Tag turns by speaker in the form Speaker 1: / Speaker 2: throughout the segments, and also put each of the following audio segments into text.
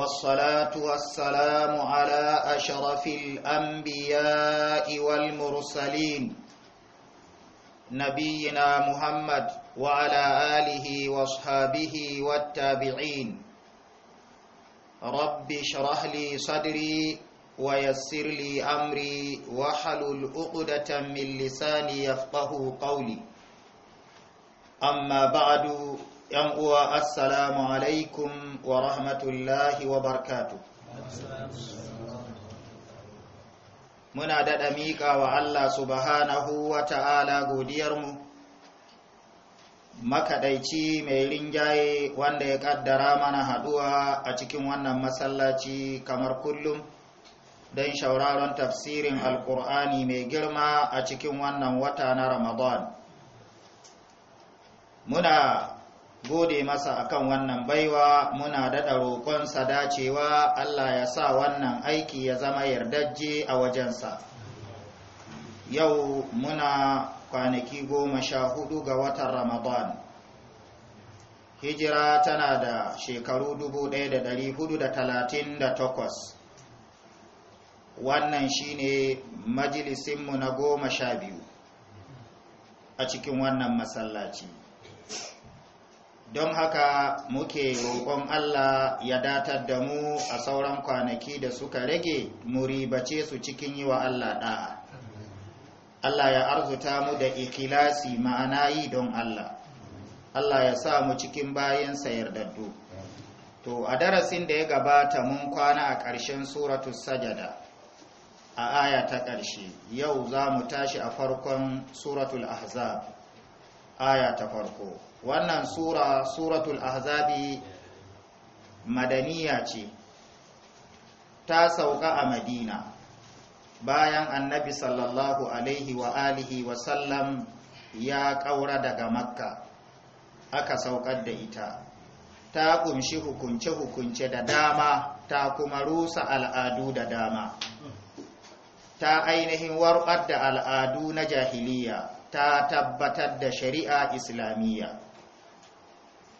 Speaker 1: والصلاة والسلام على أشرف الأنبياء والمرسلين نبينا محمد وعلى آله وصحابه والتابعين رب اشرح لي صدري ويسر لي أمري وحلل عقدة من لساني يفقه قولي أما بعد yan uwa assalamu alaikum wa rahmatullahi wa barkatu muna daɗa miƙa wa Allah subhanahu wa ta'ala godiyarmu makaɗaici mai ringaye wanda ya ƙaddara mana haɗuwa a cikin wannan masallaci kamar kullum don shauraron tafsirin alƙur'ani mai girma a cikin wannan wata na ramadan muna gode masa akan wannan baiwa muna daɗa roƙonsa dacewa Allah ya sa wannan aiki ya zama yardajje a wajensa yau muna kwanaki goma sha hudu ga watan ramadan hijira tana da shekaru 1438 wannan shine majalisinmu na goma sha biyu a cikin wannan masallaci don haka muke roƙon Allah ya datar da mu a sauran kwanaki da suka rage mu ribace su cikin yi wa Allah ɗa'a. Allah ya arzuta mu da ikilasi ma'ana yi don Allah. Allah ya sa mu cikin bayan sayar yardaddu. To, a darasin da ya gabata mun kwana a ƙarshen suratu sajada a aya ta ƙarshe, yau za mu tashi a farkon suratul ahzab aya ta farko. wannan sura suratul ahzabi madaniya ce ta sauka a madina bayan annabi sallallahu alaihi wa alihi wa sallam ya kaura daga makka aka saukar da ita ta kunshi hukunce-hukunce da dama ta kuma rusa al'adu da dama ta ainihin warɓar da al'adu na jahiliya ta tabbatar da shari'a islamiyya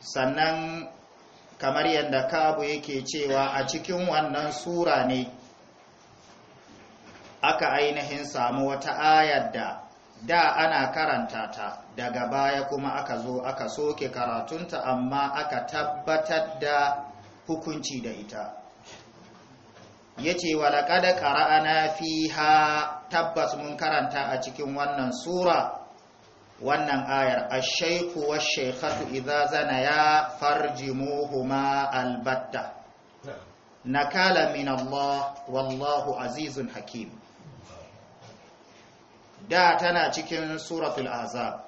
Speaker 1: sannan kamar yadda kabu yake cewa a cikin wannan sura ne aka ainihin samu wata ayar da da ana karanta ta daga baya kuma aka zo aka soke karatunta amma aka tabbatar da hukunci da ita ya ce walaƙada ƙara'ana fi ha tabbas mun karanta a cikin wannan sura wannan ayar ashaiku wa shekhatu idza zana ya farji farjimuhuma albatta Na kala min Allah wallahu azizun hakim da tana cikin suratul azab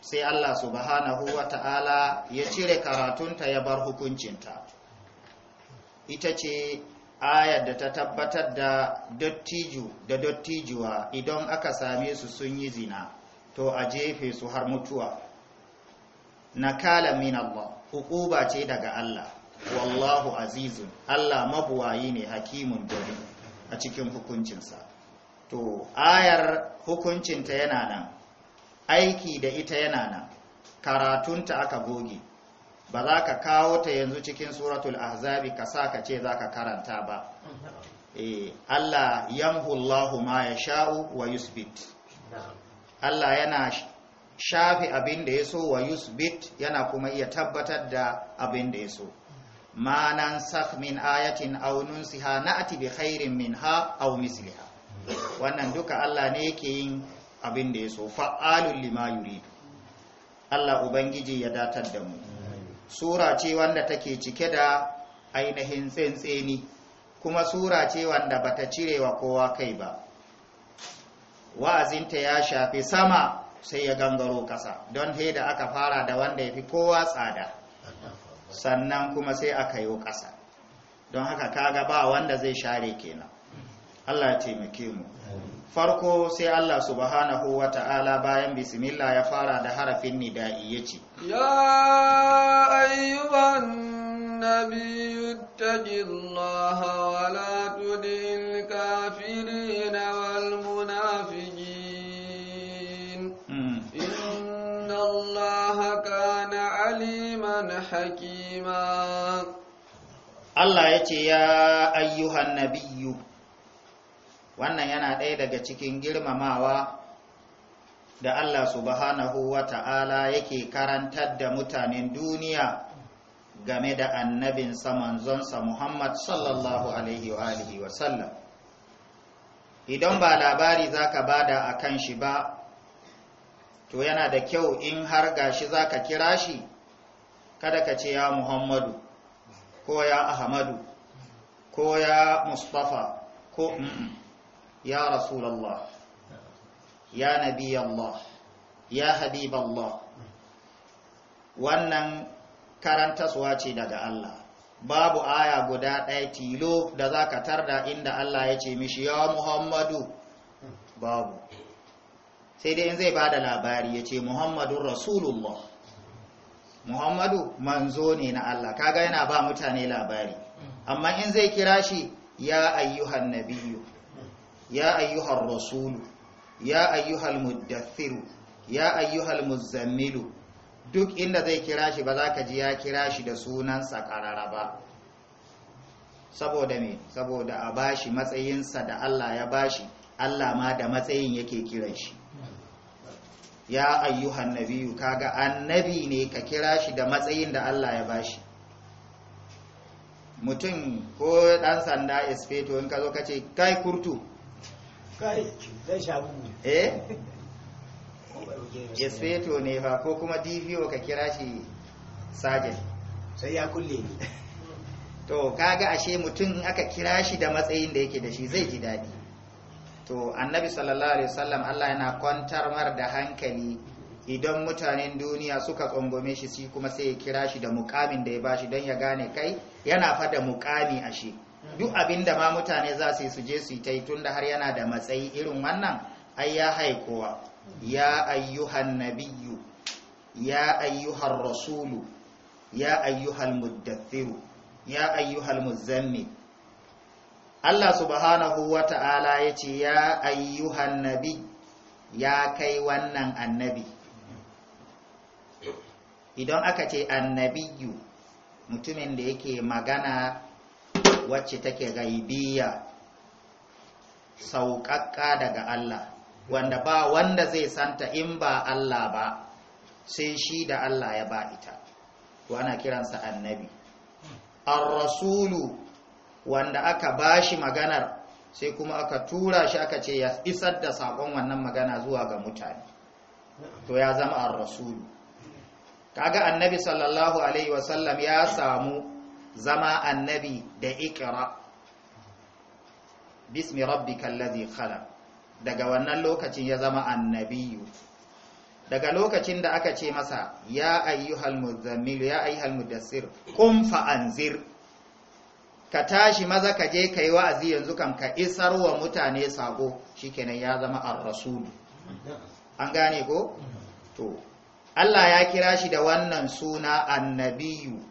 Speaker 1: sai Allah subhanahu wa ta'ala ya cire karatunta ya bar hukuncinta ita ce ayar da ta tabbatar da dattijo da dattijuwa idan aka same su sun yi zina to a jefe su har mutuwa na kala min Allah hukuba ce daga Allah wallahu azizun Allah mabuwayi ne hakimun jari a cikin hukuncinsa to ayar hukuncinta yana nan aiki da ita yana nan karatunta aka goge ba za ka kawo ta yanzu cikin suratul ahzabi ka sa ka ce za ka karanta ba e, Allah yamhullahu ma ya sha'u wa yusbit Allah yana shafi abin da ya so wa yusbit yana kuma iya tabbatar da abin da ya so ma nan min ayatin aw nunsiha na'ti bi khairin minha aw misliha wannan duka Allah ne yake yin abin da ya so fa'alul lima Allah ubangiji ya datar da mu sura ce wanda take cike da ainihin tsentseni kuma sura ce wanda bata cirewa kowa kai ba wa'azinta ya shafi sama sai ya gangaro ƙasa don da aka fara da wanda ya fi kowa tsada sannan kuma sai aka yi ƙasa don haka kaga ba wanda zai share kenan Allah ya taimake mu farko sai Allah subhanahu wa ta'ala bayan bismillah ya fara da harafin nida'i ya ce
Speaker 2: ya ayyuban nabiyyu Allah wa la tudi حكيما
Speaker 1: Allah ya ce ya ayyuhan nabiyyu wannan yana ɗaya daga cikin girmamawa da Allah subhanahu wa ta'ala yake karantar da mutanen duniya game da annabinsa manzonsa Muhammad sallallahu alaihi wa alihi wa sallam idan ba labari za zaka bada kan shi ba to yana da kyau in har gashi ka kira shi kada ka ce ya muhammadu ko ya ahmadu ko ya mustafa ko ya rasulallah ya nabi allah ya habib allah wannan karantaswa ce daga allah babu aya guda ɗaya tilo da za ka tarda inda allah ya ce mishi ya muhammadu babu sai dai in zai ba da labari ya ce muhammadun rasulullah muhammadu manzo ne na Allah kaga yana ba mutane labari amma in zai kira shi ya ayyuhan nabiyyu ya ayyuhar rasulu ya ayyuhal muddathiru ya ayyuhal muzammilu duk inda zai kira shi ba za ka ji ya kira shi da sunansa karara ba saboda me saboda a bashi matsayinsa da Allah ya bashi Allah ma da matsayin yake kiran shi ya ayyuhan nabiyu kaga annabi ne ka kira shi da matsayin da Allah ya bashi mutum ko dan sanda espeto in ka zo ka ce kai kurtu kai zai shabu eh espeto ne fa ko kuma dvo ka kira shi sajen sai ya kulle to kaga ashe mutum aka kira shi da matsayin da yake da shi zai ji daɗi to annabi sallallahu alaihi wasallam Allah yana kwantar mar da hankali idan mutanen duniya suka tsongome shi shi kuma sai ya kira shi da mukamin da ya bashi don ya gane kai yana fa da mukami a shi duk abinda ma mutane za su su je su yi ta yi har yana da matsayi irin wannan ai ya haikowa ya ayyuhan nabiyyu ya ayyuhan rasulu ya ayyuhal muddathiru ya ayyuhal muzammil Allah subhanahu wa ta'ala ya ce ya ayyuhan nabi ya kai wannan annabi idan aka ce annabiyu mutumin da yake magana wacce take gaibiya sauƙaƙa daga Allah wanda ba wanda zai santa in ba Allah ba sai shi da Allah ya ba ita to ana kiransa annabi ar-rasulu wanda aka bashi maganar sai kuma aka tura shi aka ce ya isar da sakon wannan magana zuwa ga mutane to ya zama ar-rasul kaga annabi sallallahu alaihi wasallam ya samu zama annabi da ikra bismi rabbikal ladhi khalaq daga wannan lokacin ya zama annabiyu daga lokacin da aka ce masa ya ayyuhal muzammil ya ayyuhal mudassir kum fa anzir ka tashi maza ka je ka yi wa'azi yanzu kan ka isar wa mutane shi kenan ya zama ar-rasulu an gane ko to Allah ya kira shi da wannan suna annabiyu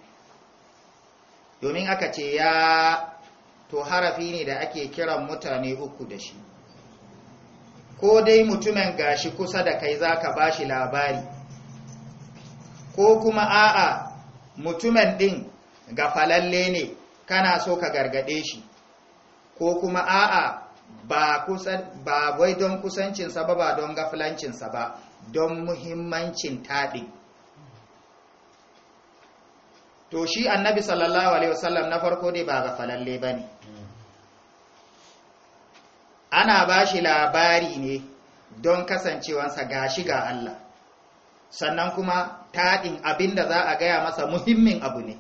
Speaker 1: domin aka ce ya to harafi ne da ake kiran mutane uku da shi ko dai mutumin gashi kusa da kai zaka bashi labari ko kuma a'a mutumin din ga falalle ne kana so ka gargade shi ko kuma a'a ba kusan ba wai don kusancinsa ba ba don sa ba don muhimmancin tadi to shi annabi sallallahu alaihi wasallam na farko dai ba gafalalle ba ne ana ba shi labari ne don kasancewansa gashi ga Allah sannan kuma taɗin abinda za a gaya masa muhimmin abu ne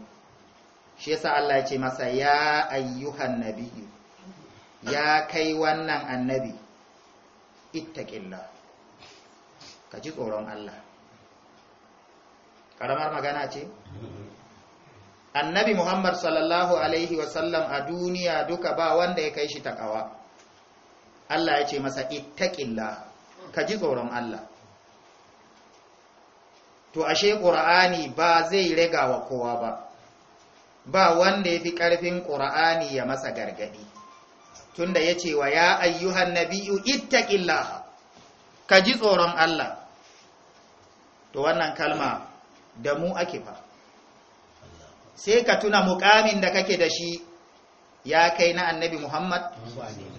Speaker 1: shi yasa Allah ya ce masa ya ayyuhan nabiyyu ya kai wannan annabi ittaqilla ka ji tsoron Allah karamar magana ce annabi Muhammad sallallahu alaihi wasallam a duniya duka ba wanda ya kai shi takawa Allah ya ce masa ittaqilla ka ji tsoron Allah to ashe qur'ani ba zai rega wa kowa ba ba wanda ya fi ƙarfin ƙura'ani ya masa gargaɗi tunda ya ce wa ya ayyuhan nabi'u ittaqillaha ka ji tsoron Allah to wannan kalma da mu ake fa sai ka tuna muƙamin da kake da shi ya kai na annabi Muhammad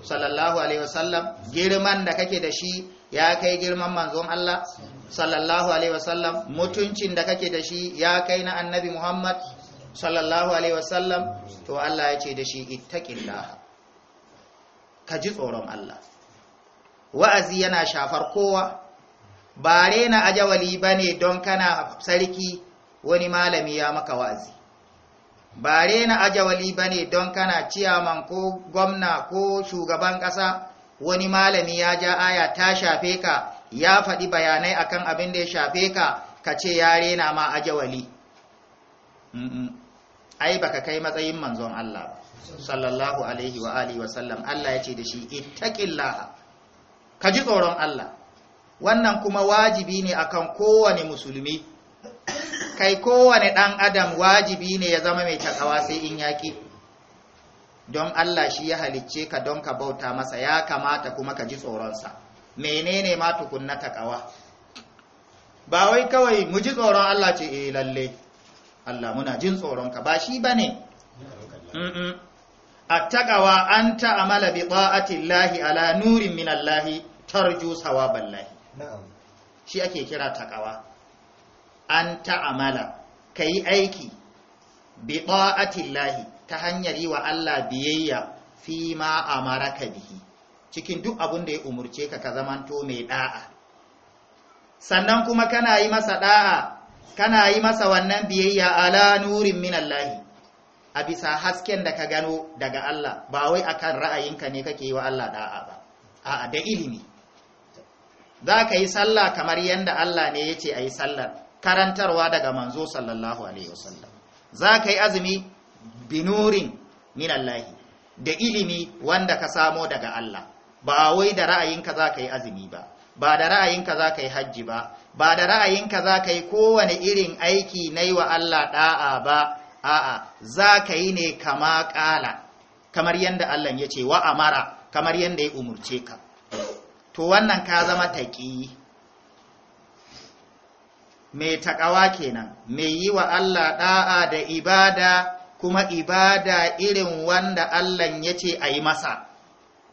Speaker 1: sallallahu alaihi wasallam girman da kake da shi ya kai girman manzon Allah sallallahu alaihi wasallam mutuncin da kake da shi ya kai na annabi Muhammad sallallahu alaihi wasallam to Allah ya ce da shi ittaqillah ka ji tsoron Allah wa'azi yana shafar kowa ba rena ajawali bane don kana sarki wani malami ya maka wa'azi ba rena ajawali bane don kana ciyaman ko gwamna ko shugaban ƙasa wani malami ya ja aya ta shafe ka ya faɗi bayanai akan abin da ya shafe ka ka ce ya rena ma ajawali ai baka kai matsayin manzon Allah ba sallallahu alaihi wa alihi wa sallam Allah ya ce da shi ittaqillah ka ji tsoron Allah wannan kuma wajibi ne akan kowane musulmi kai kowane dan adam wajibi ne ya zama mai takawa sai in yaki don Allah shi ya halicce ka don ka bauta masa ya kamata kuma ka ji tsoron sa. menene ma tukunna takawa ba wai kawai mu ji tsoron Allah ce eh lalle Allah muna jin tsoronka ba shi ba ne A taƙawa an ta'amala bi ta'ati lahi ala nurin min allahi tarju sawaban lahi. shi ake kira taqawa an ta'amala Ka yi aiki bi ta'ati lahi ta hanyar yi wa Allah biyayya fi ma amaraka bihi cikin duk abin da ya umurce ka ka zamanto mai ɗa'a. sannan kuma kana yi masa ɗa'a. kana yi masa wannan biyayya ala nurin min Allah a bisa hasken da ka gano daga Allah ba wai akan ra'ayinka ne kake yi wa Allah da'a ba a'a da ilimi za ka yi sallah kamar yadda Allah ne ya ce a yi sallar karantarwa daga manzo sallallahu alaihi wasallam za ka yi azumi binurin min Allah da ilimi wanda ka samo daga Allah ba wai da ra'ayinka za ka yi azumi ba ba da ra'ayinka za ka yi hajji ba ba da ra'ayinka za ka yi kowane irin aiki na yi wa Allah ɗa'a ba a'a za ka yi ne kama ƙala kamar yadda Allah ya ce wa amara kamar yadda ya umurce ka to wannan ka zama taƙi mai taƙawa kenan mai yi wa Allah ɗa'a da ibada kuma ibada irin wanda Allah ya ce a yi masa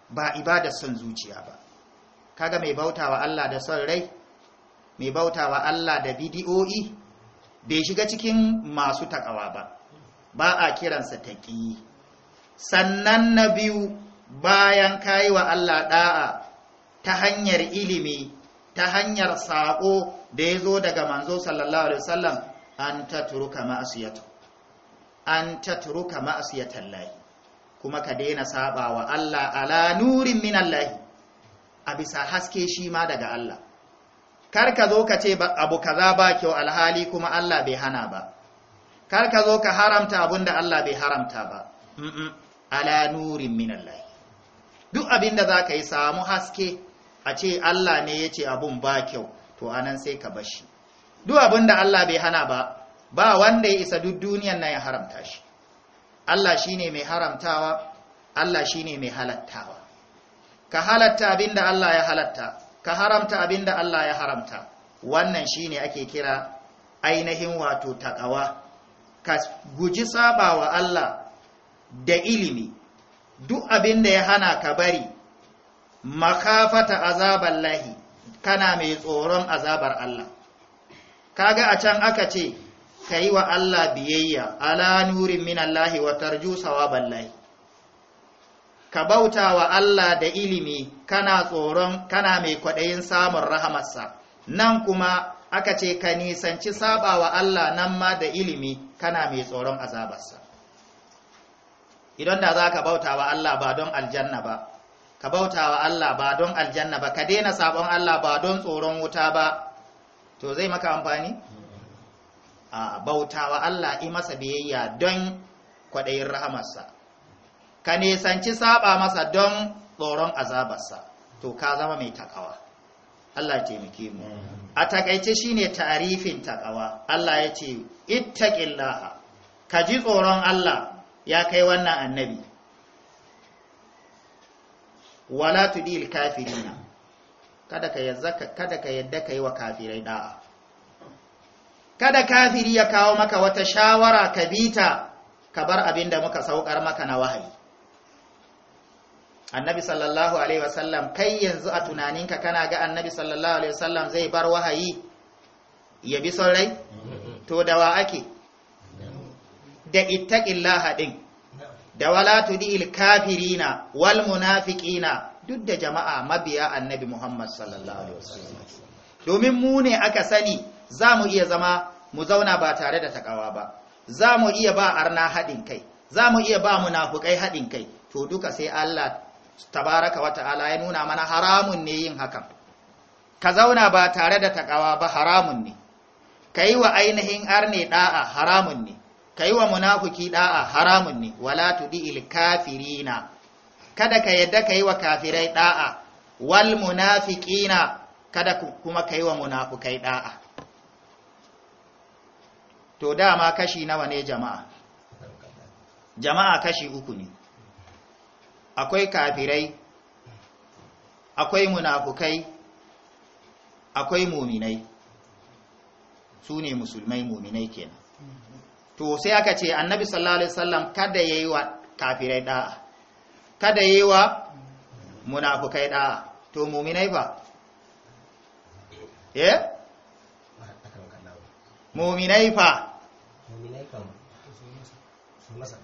Speaker 1: ba ibada son zuciya ba kaga mai bauta wa Allah da son rai mai bautawa Allah da bidiyoyi bai shiga cikin masu takawa ba ba a kiransa taƙi sannan na biyu bayan kayi wa Allah ɗa'a ta hanyar ilimi ta hanyar saƙo da ya zo daga manzo sallallahu alaihi wasallam an ta turuka ma'asiyatu an ta turuka ma'asiyatan lahi kuma ka daina saba wa Allah ala nurin min Allah a bisa haske shi ma daga Allah kar ka zo ka ce abu kaza ba kyau alhali kuma Allah bai hana ba kar ka zo ka haramta abin da Allah bai haramta ba ala nurin Allah duk abin da za ka yi samu haske a ce Allah ne ya ce abun ba kyau to anan sai ka bashi duk abin da Allah bai hana ba ba wanda ya isa duk duniyan na ya haramta shi Allah shi ne mai haramtawa Allah shi ne mai halattawa ka halatta abin da Allah ya halatta ka haramta abin da Allah ya haramta wannan shine ake kira ainihin wato takawa ka guji saba wa Allah da ilimi duk abin da ya hana ka bari makafata azabar lahi kana mai tsoron azabar Allah kaga a can aka ce ka yi wa Allah biyayya ala nurin min Allah wa tarju lahi ka bauta wa Allah da ilimi kana tsoron kana mai kwaɗayin samun rahamarsa nan kuma aka ce ka nisanci saba wa Allah nan ma da ilimi kana mai tsoron azabarsa idan da za ka bauta wa Allah ba don aljanna ba ka bauta wa Allah ba don aljanna ba ka daina sabon Allah ba don tsoron wuta ba to zai maka amfani a bauta wa Allah i masa biyayya don kwaɗayin rahamarsa ka nisanci saba masa don tsoron azabarsa to ka zama mai takawa Allah ya taimake mu a takaice shine tarifin takawa Allah ya ce ittaqillaha ka ji tsoron Allah ya kai wannan annabi wala tudil kafirina kada ka yadda kada ka yadda kai wa kafirai da'a kada kafiri ya kawo maka wata shawara ka bita ka bar abinda muka saukar maka na wahayi annabi sallallahu alaihi wasallam kai yanzu a tunaninka kana ga annabi sallallahu alaihi wasallam zai bar wahayi ya bi son rai to dawa ake da ittaqillaha din da wala tudil kafirina wal munafiqina duk da jama'a mabiya annabi Muhammad sallallahu alaihi wasallam domin mu ne aka sani za mu iya zama mu zauna ba tare da takawa ba za mu iya ba arna haɗin kai za mu iya ba munafukai haɗin kai to duka sai Allah tabaraka wa ta'ala ya nuna mana haramun ne yin hakan ka zauna ba tare da takawa ba haramun ne ka yi wa ainihin arne ɗa'a haramun ne ka yi wa munafuki ɗa'a haramun ne wala il kafirina kada ka yadda ka yi wa kafirai ɗa'a wal munafiqina kada kuma ka yi wa munafukai ɗa'a. to dama kashi nawa ne jama'a jama'a kashi uku ne akwai kafirai akwai munafukai akwai muminai su ne musulmai muminai kenan to sai aka ce annabi sallallahu alaihi wasallam kada yayi wa kafirai da kada yayi wa munafukai da to muminai fa eh muminai fa muminai kam su masa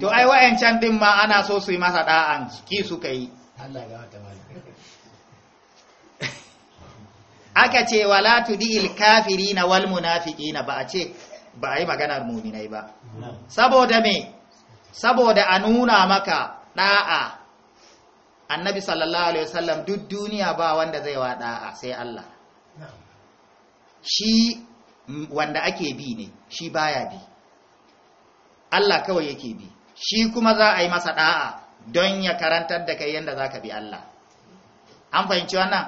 Speaker 1: to ai wayancan din ma ana so su yi masa da'an ki suka yi aka ce wala tudil kafirina wal munafiqina ba a ce ba a yi maganar muminai ba saboda me saboda a nuna maka ɗa'a annabi sallallahu alaihi wasallam duk duniya ba wanda zai wa da'a sai Allah shi wanda ake bi ne shi baya bi Allah kawai yake bi shi kuma za a yi masa da'a don ya karantar da kai yadda za ka bi Allah an fahimci wannan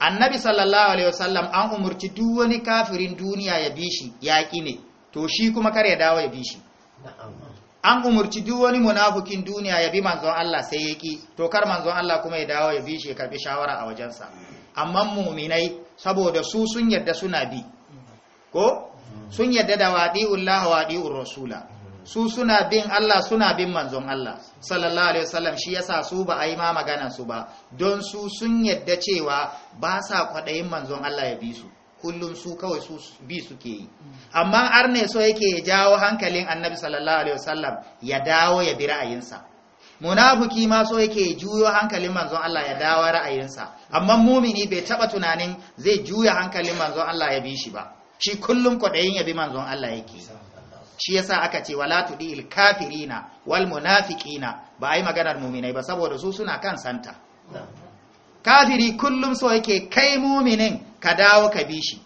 Speaker 1: annabi sallallahu alaihi wasallam an umarci duk wani kafirin duniya ya bi shi yaƙi ne to shi kuma kar ya dawo ya bi shi an umarci duk wani munafukin duniya ya bi manzon Allah sai ya to kar manzon Allah kuma ya dawo ya bi shi ya karbi shawara a wajensa amma muminai saboda su sun yarda suna bi ko mm. sun yarda da wadi'ullahi wa wadi'ur rasula su suna bin Allah suna bin manzon Allah sallallahu alaihi wasallam shi yasa su ba a yi ma magana su ba don su sun yadda cewa ba sa kwaɗayin manzon Allah ya bi su kullum su kawai su bi suke yi amma arne so yake ya jawo hankalin annabi sallallahu alaihi wasallam ya dawo ya bi ra'ayinsa munafiki ma so yake juyo hankalin manzon Allah ya dawo ra'ayinsa amma mumini bai taba tunanin zai juya hankalin manzon Allah ya bi shi ba shi kullum kwaɗayin ya bi manzon Allah yake shi yasa aka ce wala tudil kafirina wal munafiqina ba ai maganar mu'minai ba saboda su suna kan santa kafiri kullum so yake kai mu'minin ka dawo ka bi shi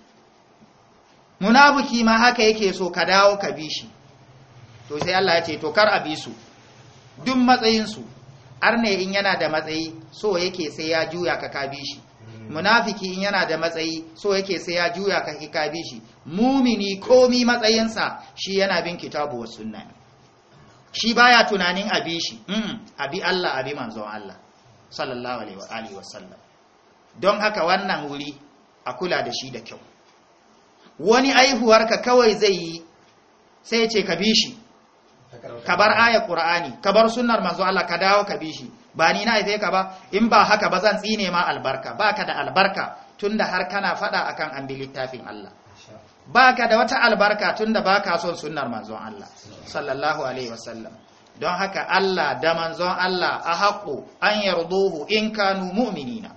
Speaker 1: munafiki ma haka yake so ka dawo ka bi shi to sai Allah ya ce to kar a bi su duk matsayin su arne in yana da matsayi so yake sai ya juya ka ka bi munafiki in yana da matsayi so yake sai ya juya ka ka bi shi mumini komi matsayinsa shi yana bin kitabu wa sunna shi baya tunanin abi shi mm, abi Allah abi manzon Allah sallallahu alaihi wa alihi don haka wannan wuri a kula da shi da kyau wani aihuwar ka kawai zai yi sai ce ka bi shi ka bar ayar qur'ani ka bar sunnar manzo Allah ka dawo ka bi shi ba ni na haife ka ba in ba haka ba zan tsine ma albarka baka da albarka tunda har kana fada akan an bi littafin Allah baka da wata albarka tunda baka son sunnar manzon Allah sallallahu alaihi wasallam don haka Allah da manzon Allah a haƙo an yarduhu in kanu mu'minina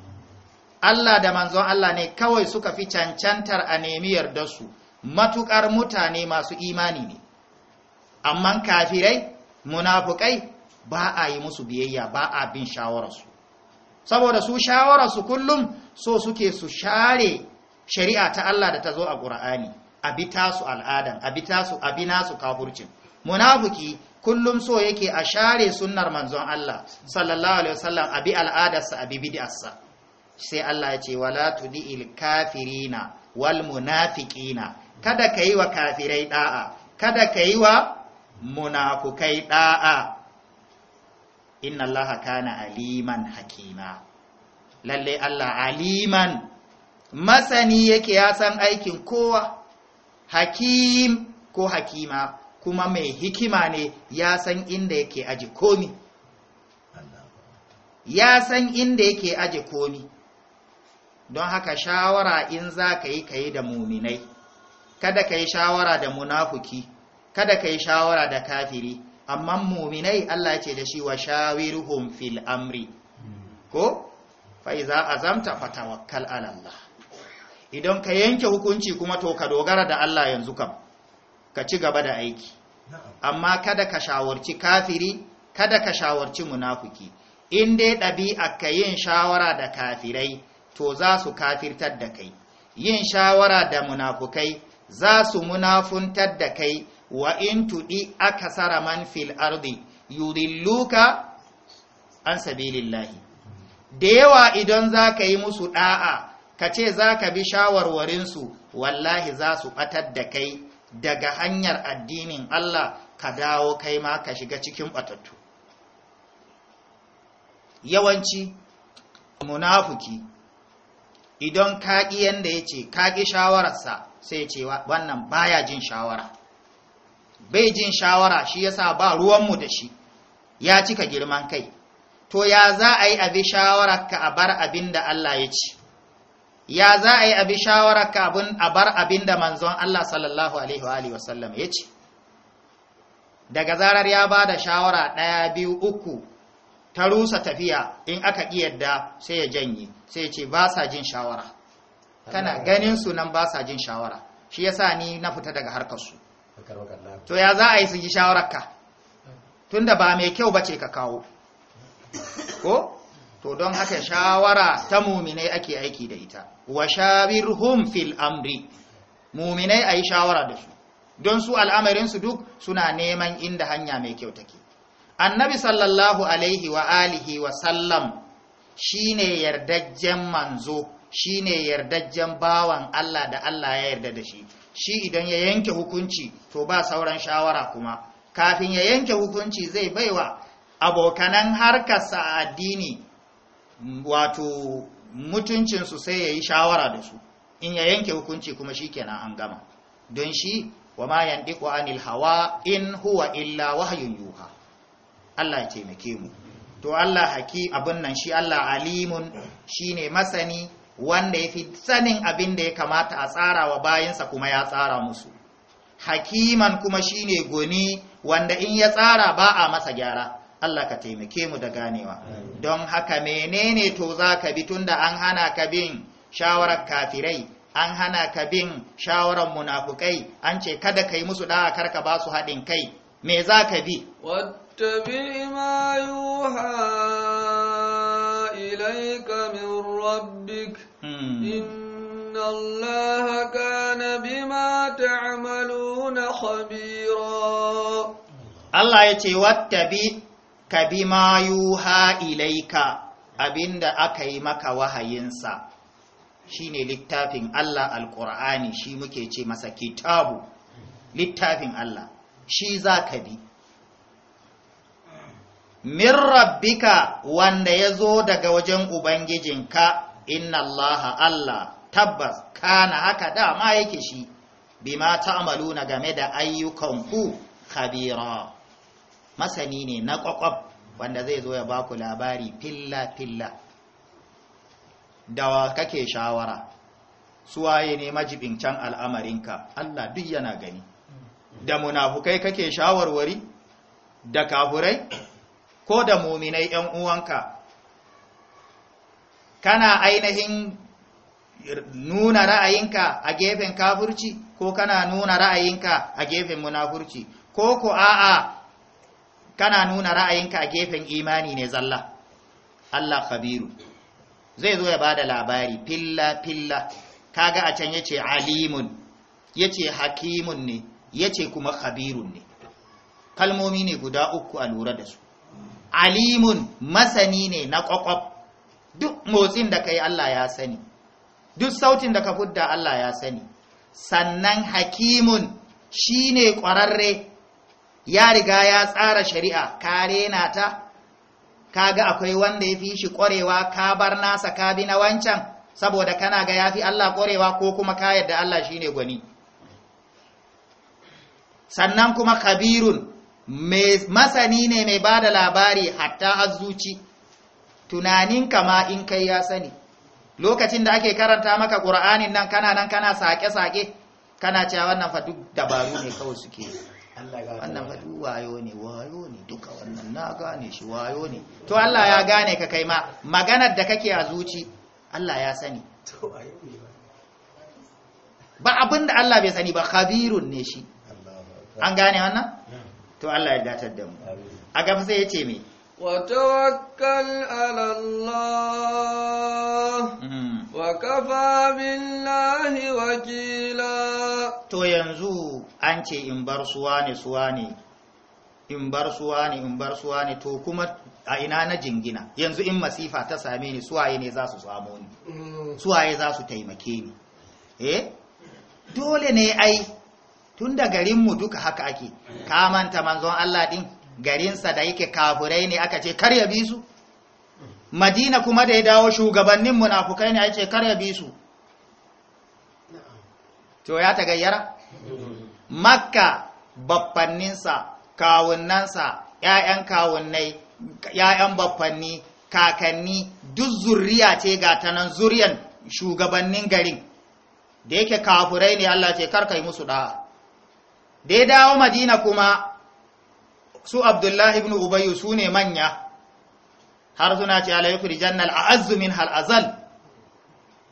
Speaker 1: Allah da manzon Allah ne kawai suka fi cancantar a nemi su matuƙar mutane masu imani ne amma kafirai munafukai ba a yi musu biyayya ba a bin shawararsu saboda su shawararsu kullum so suke su share shari'a ta Allah da ta zo a Qur'ani abi tasu al'adan abi tasu abi nasu kafurcin munafiki kullum so yake a share sunnar manzon Allah sallallahu alaihi wasallam abi al'adarsa abi bid'arsa sai Allah ya ce wala tudil kafirina wal munafiqina kada kai wa kafirai da'a kada kai wa munafukai da'a inna allaha kana aliman hakima lalle allah aliman masani yake ya san aikin kowa hakim ko hakima kuma mai hikima ne ya san inda yake aji komi ya san inda yake aji komi don haka shawara in za ka yi ka da muminai kada ka yi shawara da munafuki kada ka yi shawara da kafiri amma muminai Allah ya ce da shi wa shawiruhum fil amri ko fa iza azamta fatawakkal ala Allah idan ka yanke hukunci kuma to ka dogara da Allah yanzu kam ka ci gaba da aiki amma kada ka shawarci kafiri kada ka shawarci munafiki in dai ɗabi'a ka yin shawara da kafirai to za su kafirtar da kai yin shawara da munafukai za su munafuntar da kai wa in tudi sara man fil ardi yudilluka an sabilillahi da yawa idan za ka yi musu ɗa'a ka ce za ka bi shawarwarinsu wallahi za su batar da kai daga hanyar addinin Allah ka dawo kai ma ka shiga cikin batattu yawanci munafuki idan kaƙi yanda ya ce kaƙi shawararsa sai ce wannan baya jin shawara bai jin shawara shi yasa ba ruwanmu da shi ya cika girman kai to ya za a yi abi shawararka a bar abin da Allah ya ci ya za a yi abi shawararka a bar abin da manzon Allah sallallahu alaihi wa wasallam ya ci daga zarar ya ba da shawara ɗaya biyu uku ta rusa tafiya in aka yadda sai ya janye sai ya ce ba sa jin shawara
Speaker 2: kana ganin
Speaker 1: su nan ba sa jin shawara shi yasa ni na fita daga harkar su to ya za a yi su ji shawararka tunda ba mai kyau ba ce ka kawo ko to don haka shawara ta muminai ake aiki da ita wa shawirhum fil amri muminai a yi shawara da su don su al'amarinsu duk suna neman inda hanya mai kyau take annabi sallallahu alaihi wa alihi wa sallam shine yardajjen manzo Shi yarda yardajjen bawan Allah da Allah ya yarda da shi shi idan ya yanke hukunci to ba sauran shawara kuma kafin ya yanke hukunci zai baiwa abokanan harkarsa a addini wato mutuncinsu sai ya yi shawara da su in ya yanke hukunci kuma shi kenan an gama don shi wa ma yandiku anil hawa in huwa illa wahayun yuha Allah ya taimake mu to Allah haki abin nan shi Allah alimun shine masani wanda ya fi sanin abin da ya kamata a tsara wa bayansa kuma ya tsara musu hakiman kuma shine goni wanda in ya tsara ba a masa gyara Allah ka taimake mu da ganewa don haka menene to za ka bi tunda an hana ka bin shawarar kafirai an hana ka bin shawarar munafukai an ce kada ka yi musu ɗakar ka ba su haɗin kai me za ka bi
Speaker 2: bi ma yuha إليك من ربك إن الله كان بما تعملون خبيرا
Speaker 1: الله يتي واتبي كبما يوها إليك أبند أكيمك وهينسا shine littafin Allah alƙur'ani shi muke ce masa kitabu littafin Allah shi za ka bi min rabbika wanda ya zo daga wajen ubangijinka inna allaha allah tabbas kana haka dama yake shi bima ta'maluna game da ayyukan ku, khabira masani ne na kwakwab wanda zai zo ya baku labari filla filla dawa kake shawara suwaye ne majibincan al'amarinka Allah duk yana gani da munafukai kake shawarwari da kafurai ko da muminai ‘yan uwanka, kana ainihin nuna ra'ayinka a gefen kafurci ko kana nuna ra'ayinka a gefen munafurci ko ko a'a kana nuna ra'ayinka a gefen imani ne zalla Allah khabiru zai zo ya ba da labari filla filla kaga a can yace alimun yace hakimun ne yace kuma khabirun ne kalmomi ne guda uku a lura da su alimun masani ne na ƙwaƙwaf duk motsin da ka yi Allah ya sani duk sautin da ka fudda Allah ya sani sannan hakimun shi ne ƙwararre ya riga ya tsara shari'a ka rena ta ka ga akwai wanda ya fi shi ƙwarewa ka bar nasa ka bi na wancan saboda kana ga ya fi Allah ƙwarewa ko kuma ka yadda Allah shi ne gwani sannan kuma kabirun masani ne mai ba da labari hatta zuci? tunaninka ma in kai ya sani lokacin da ake karanta maka ƙura'anin nan kana nan kana sake-sake kana cewa wannan fa duk dabaru ne kawai suke wannan fa duk wayo ne wayo ne duka wannan na gane shi wayo ne to Allah ya gane ka kai ma maganar da kake a zuci Allah ya sani ba abin da Allah bai sani ba khabirun ne shi an gane wannan to Allah ya datar da mu a gaba sai ya ce me
Speaker 2: wa tawakkal ala Allah hmm. wa kafa billahi wakila
Speaker 1: to yanzu an ce in bar suwa ne suwa ne in bar suwa ne in bar suwa ne to kuma a ina na jingina yanzu in masifa ta same ni suwaye ne za su samu ni hmm. suwaye za su taimake ni eh dole ne ai tun da garinmu duka haka ake ka manta manzon Allah din garinsa da yake kafurai ne aka ce kar ya bi su madina kuma da ya dawo shugabannin munafukai ne ake kar ya bi su to ya ta gayyara? makka baffanninsa kawunnansa ƴaƴan kawunnai ƴaƴan baffanni kakanni duk zuriya ce ga ta nan zuriyan shugabannin garin da yake kafurai ne Allah ce karka yi musu ɗa'a da ya dawo madina kuma su abdullahi ibn ubayyu su ne manya har suna ce ala yukuri jannal a azumin hal'azal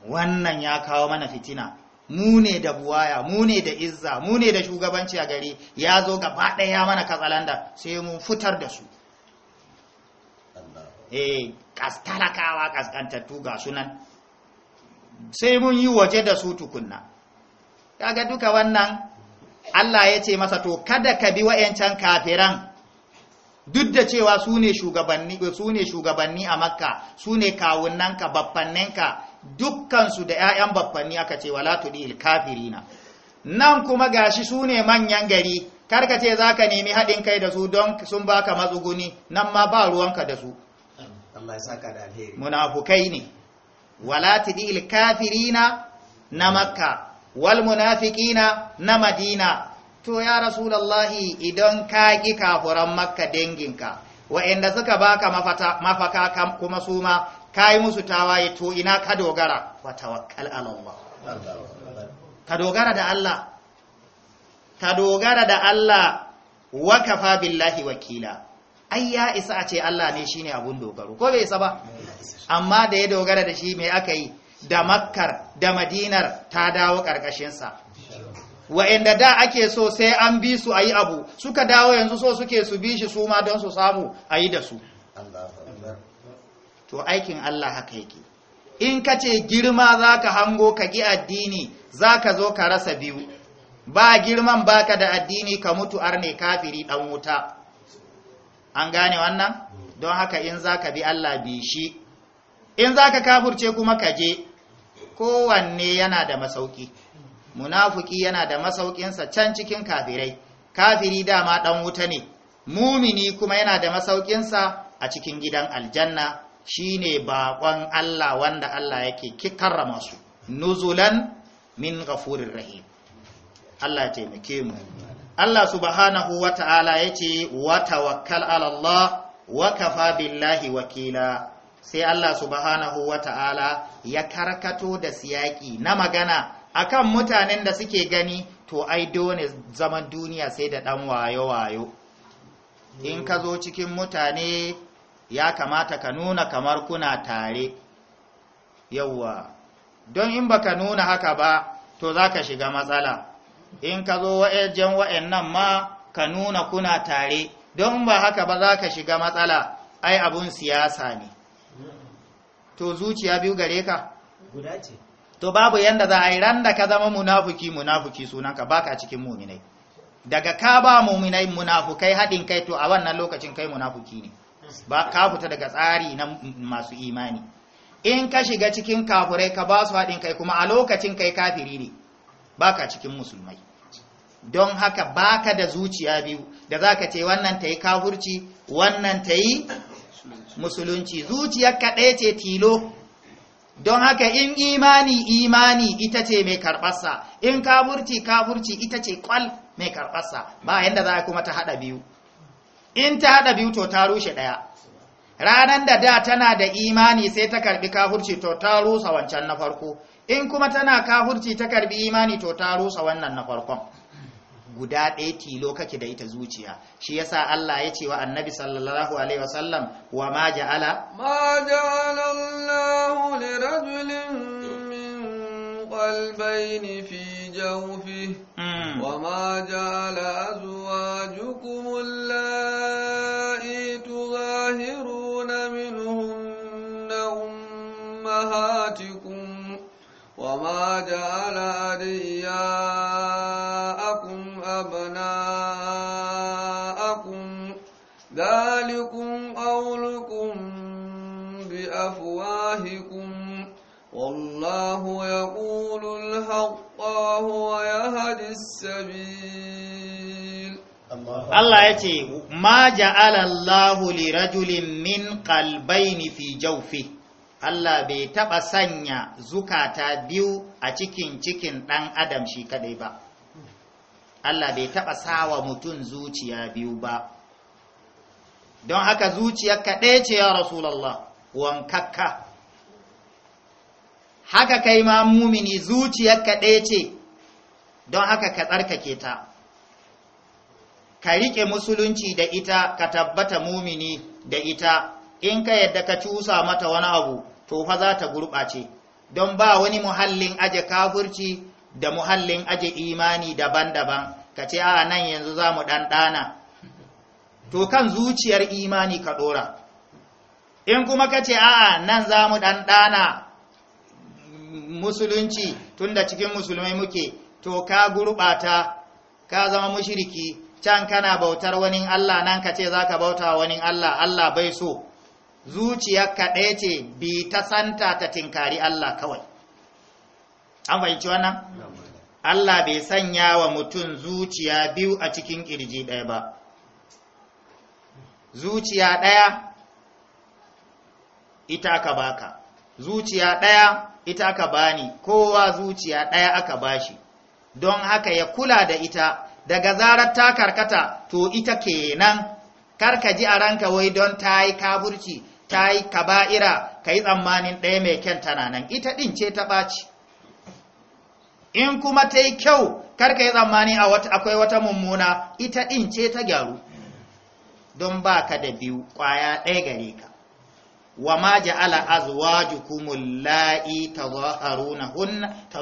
Speaker 1: wannan ya kawo mana fitina mu ne da buwaya mu ne da izza mu ne da shugabanci a gari ya zo gaba ɗaya mana katsalanda sai mun fitar da su eh kastalakawa kaskantattu ga sunan sai mun yi waje da su tukunna kaga duka wannan Allah ya ce masa to kada ka bi wa'yancan kafiran duk da cewa su ne shugabanni a makka su ne kawunanka baffanninka dukkansu da 'ya'yan baffanni aka ce wala tudil kafirina nan kuma gashi su ne manyan gari karka ce za ka nemi haɗin kai da su don sun baka matsuguni nan ma ba ruwanka da su munafukai ne wala tudil kafirina na makka wal munafiqina na madina to ya rasulullahi idan ka ki kafuran makka danginka wa'anda suka baka mafata mafaka kuma su ma kai musu tawaye to ina ka dogara wa tawakkal ala Allah ka dogara da Allah ka dogara da Allah wa kafa billahi wakila ai ya isa a ce Allah ne shine abun dogaro ko bai isa ba amma da ya dogara da shi me aka yi da makkar da madinar ta dawo ƙarƙashinsa wa'inda da ake so sai an bi su a yi abu suka dawo yanzu so suke su bi shi su ma don su samu a yi da su to aikin Allah haka yake in ka ce girma za ka hango ka ƙi addini za ka zo ka rasa biyu ba girman baka da addini ka mutu arne kafiri ɗan wuta an gane wannan don haka in za ka bi Allah bi shi in za ka kafurce kuma ka je kowanne yana da masauki Munafuki yana da masaukinsa can cikin kafirai kafiri dama ɗan wuta ne mumini kuma yana da masaukinsa a cikin gidan aljanna shi ne baƙon Allah wanda Allah yake karrama su nuzulan min ghafurir rahim Allah ya taimake mu Allah subhanahu wata'ala yace wa tawakkal ala Allah wa kafa billahi wakila sai Allah subhanahu ta'ala ya karkato da siyaki na magana akan mutanen da suke gani to ai dole zaman duniya sai da dan wayo-wayo in ka zo cikin mutane ya kamata ka nuna kamar kuna tare yauwa don in baka nuna haka ba to za ka shiga matsala in ka zo wa'ajen wa'annan ma ka nuna kuna tare don ba haka ba za ka shiga matsala ai abun siyasa ne to zuciya biyu gare ka guda ce to babu yadda za a yi ran da ka zama munafuki munafuki sunanka baka cikin muminai daga ka ba muminai munafukai haɗin kai to a wannan lokacin kai munafuki ne ba ka fita daga tsari na masu imani in ka shiga cikin kafurai ka ba su haɗin kai kuma a lokacin kai kafiri ne baka cikin musulmai don haka baka da zuciya biyu da za ka ce wannan ta yi kafurci wannan ta yi musulunci zuciyar kaɗai ce tilo don haka in imani imani ita ce mai karɓarsa in kaburci kaburci ita ce kwal mai karɓarsa ba yadda za a kuma ta haɗa biyu in ta haɗa biyu to ta rushe ɗaya ranar da da tana da imani sai ta karɓi kafurci to ta rusa wancan na farko in kuma tana kafurci ta karɓi imani to ta rusa wannan na farkon guda ɗaya tilo kake da ita zuciya shi yasa Allah ya ce wa annabi sallallahu alaihi wasallam wa ma ja'ala
Speaker 2: ma ja'ala Allah li rajulin min qalbayni fi jawfihi hmm. wa ma ja'ala azwajukum Allah ya
Speaker 1: ce ma ja'ala Allahu li rajulin min qalbayni fi jaufi. Allah bai taɓa sanya zukata biyu a cikin cikin ɗan adam shi kadai ba Allah bai taɓa sawa mutum zuciya biyu ba don haka zuciyar kaɗai ce ya rasulallah wankakka haka kai ma mumini zuciyar kaɗai ce don haka ka tsarkake ta ka rike musulunci da ita ka tabbata mumini da ita in ka yadda ka cusa mata wani abu to fa za ta gurɓace don ba wani muhallin aje kafurci da muhallin aje imani daban-daban ka ce a nan yanzu za mu ɗanɗana to kan zuciyar imani ka ɗora in kuma ka ce a nan za mu ɗanɗana musulunci tunda cikin musulmai muke to ka gurɓata ka zama mushiriki can kana bautar wani Allah nan ka ce za ka bauta wani Allah Allah bai so Zuciyar ɗaya ce bi ta santa ta tinkari Allah kawai an fahimci wannan Allah bai sanya wa mutum zuciya biyu a cikin ƙirji ɗaya ba zuciya ɗaya ita aka baka zuciya ɗaya ita aka bani kowa zuciya ɗaya aka bashi don haka ya kula da ita daga zarar ta karkata to ita kenan karka ji a ranka wai don ta yi kaburci ta yi kaba'ira ka yi tsammanin ɗaya mai kyan tana nan ita ɗin ce ta ɓaci in kuma ta yi kyau karka yi tsammani akwai wata mummuna ita ɗin ce ta gyaru don ba ka da biyu ƙwaya ɗaya gare ka wa ma ja'ala azwajukum ta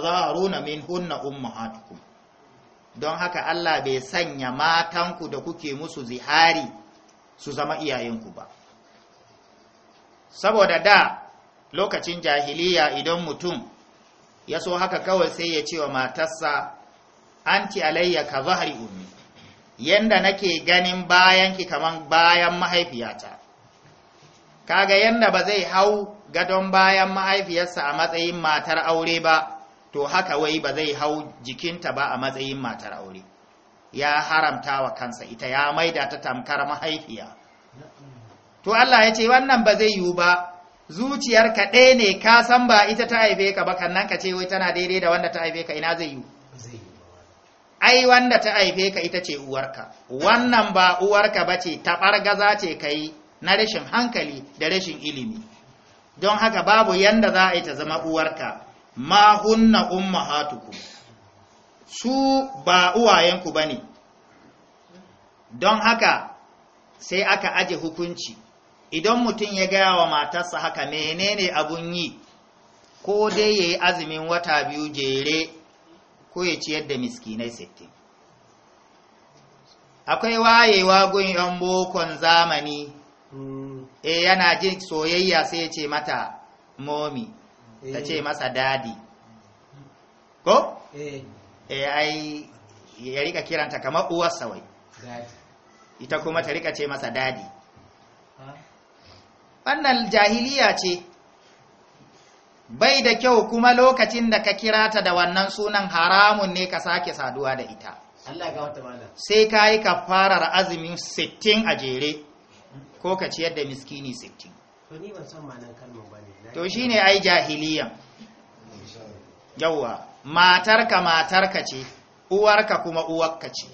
Speaker 1: za hunna runa min hunna ummahatukum don haka Allah bai sanya matanku da kuke musu zihari su zama iyayenku ba saboda da lokacin jahiliya idan mutum ya so haka kawai sai ya ce wa matarsa anti alayya ka zahari ummi yanda nake ganin bayanki kaman bayan mahaifiyata kaga yadda ba zai hau gadon bayan mahaifiyarsa a matsayin matar aure ba to haka wai ba zai hau jikinta ba a matsayin matar aure ya haramta wa kansa ita ya maida ta tamkar mahaifiya to Allah ya ce wannan ba zai yiwu ba zuciyar ka ɗaya ne ka san ba ita ta haife ka ba kannan ka ce wai tana daidai da wanda ta haife ka ina zai yiwu ai wanda ta haife ka ita ce uwarka wannan ba uwarka ba ce taɓar gaza ce ka yi na rashin hankali da rashin ilimi don haka babu yanda za a yi ta zama uwarka ma hunna ummahatukum su ba uwayenku bane don haka sai aka aje hukunci idan mutum ya gaya wa matarsa haka menene abun yi ko dai ya yi azumin wata biyu jere ko ya ciyar da miskinai sittin akwai wayewa gun yan bokon zamani e yana jin soyayya sai ya ce mata momi ta eh. ce masa dadi ko? Eh. eh ai ya rika kiranta kamar uwarsa wai ita kuma ta rika ce masa dadi wannan jahiliya ce bai da kyau kuma lokacin da ka kira ta da wannan sunan haramun ne ka sake saduwa da ita sai ka yi kafarar azumin 60 a jere ko ka ciyar da miskini 60
Speaker 2: to shi ne shine ai
Speaker 1: jahiliya yawa matarka matarka ce uwarka kuma uwarka ce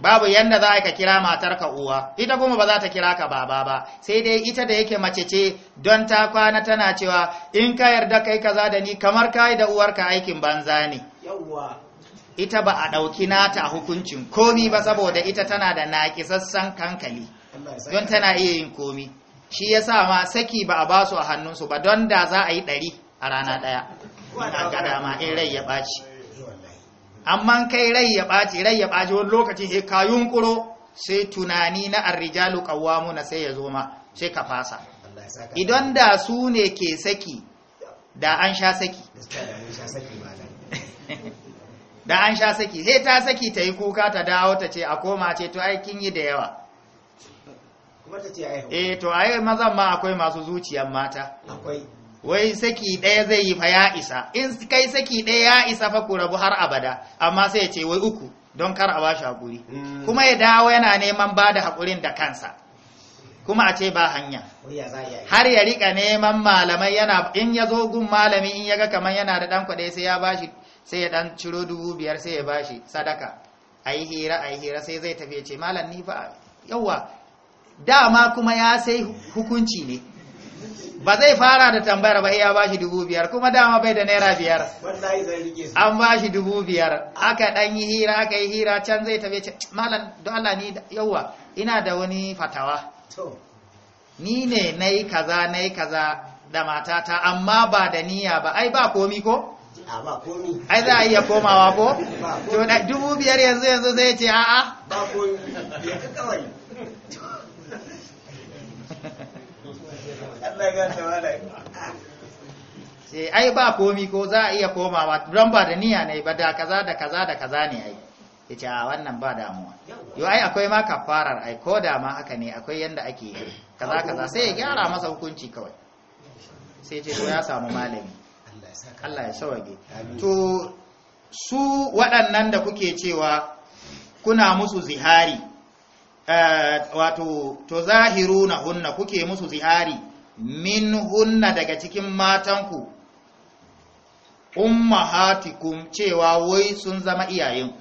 Speaker 1: babu yadda za ka kira matarka uwa ita kuma ba za ta kira ka baba ba sai dai ita da yake mace ce don ta kwana tana cewa in ka yarda kai kaza da ni kamar kai da uwarka aikin banza ne Yawwa. ita ba a ɗauki nata a hukuncin komi ba saboda ita tana da naƙisassan kankali don tana iya yin komi shi ya sa ma saki ba a ba su a hannunsu ba don da za a yi ɗari a rana ɗaya a gada ma in rai ya ɓaci amma kai rai ya ɓaci rai ya ɓaci wani lokaci sai ka yunƙuro sai tunani na arrijalu ƙawamu na sai ya zo ma sai ka fasa idan da su ne ke saki da an sha saki da an sha saki sai ta saki ta yi kuka ta dawo ta ce a koma ce to aikin yi da yawa eh to ai mazan ma akwai masu zuciyar mata akwai wai saki ɗaya zai yi fa ya isa in kai saki ɗaya ya isa fa ku rabu har abada amma sai ya ce wai uku don kar a bashi hakuri mm. kuma ya dawo yana neman ba da hakurin da kansa kuma a ce ba hanya har ya rika neman malamai yana in ya zo gun malami in ya ga kamar yana da dan kuɗi sai ya bashi sai ya dan ciro dubu biyar sai ya bashi sadaka a yi hira a yi hira sai zai tafi ya ce malam ni fa yawa dama kuma ya sai hukunci ne ba zai fara da tambayar ba iya bashi dubu biyar kuma dama bai da naira biyar an bashi dubu biyar aka dan yi hira aka yi hira can zai tafi malam don Allah ni yawa ina da wani fatawa ni ne na yi kaza na yi kaza da matata amma ba da niyya ba ai ba komi ko
Speaker 2: ai za a iya komawa ko to dubu
Speaker 1: biyar yanzu yanzu zai ce a'a
Speaker 2: ba komi sai
Speaker 1: eh, ai ba komi ko za a iya komawa don ba da niyya ne ba da kaza da kaza da kaza ne ai ya ce a ah, wannan ba damuwa yo ai akwai ma kafarar ai ko da ma haka ne akwai yanda ake kaza kaza sai ya gyara masa hukunci kawai sai ce to ya samu malami Allah ya sauke to su waɗannan da kuke cewa kuna musu zihari eh, wato to zahiruna hunna kuke musu zihari min hunna daga cikin matanku ummahatikum cewa wai sun zama iyayenku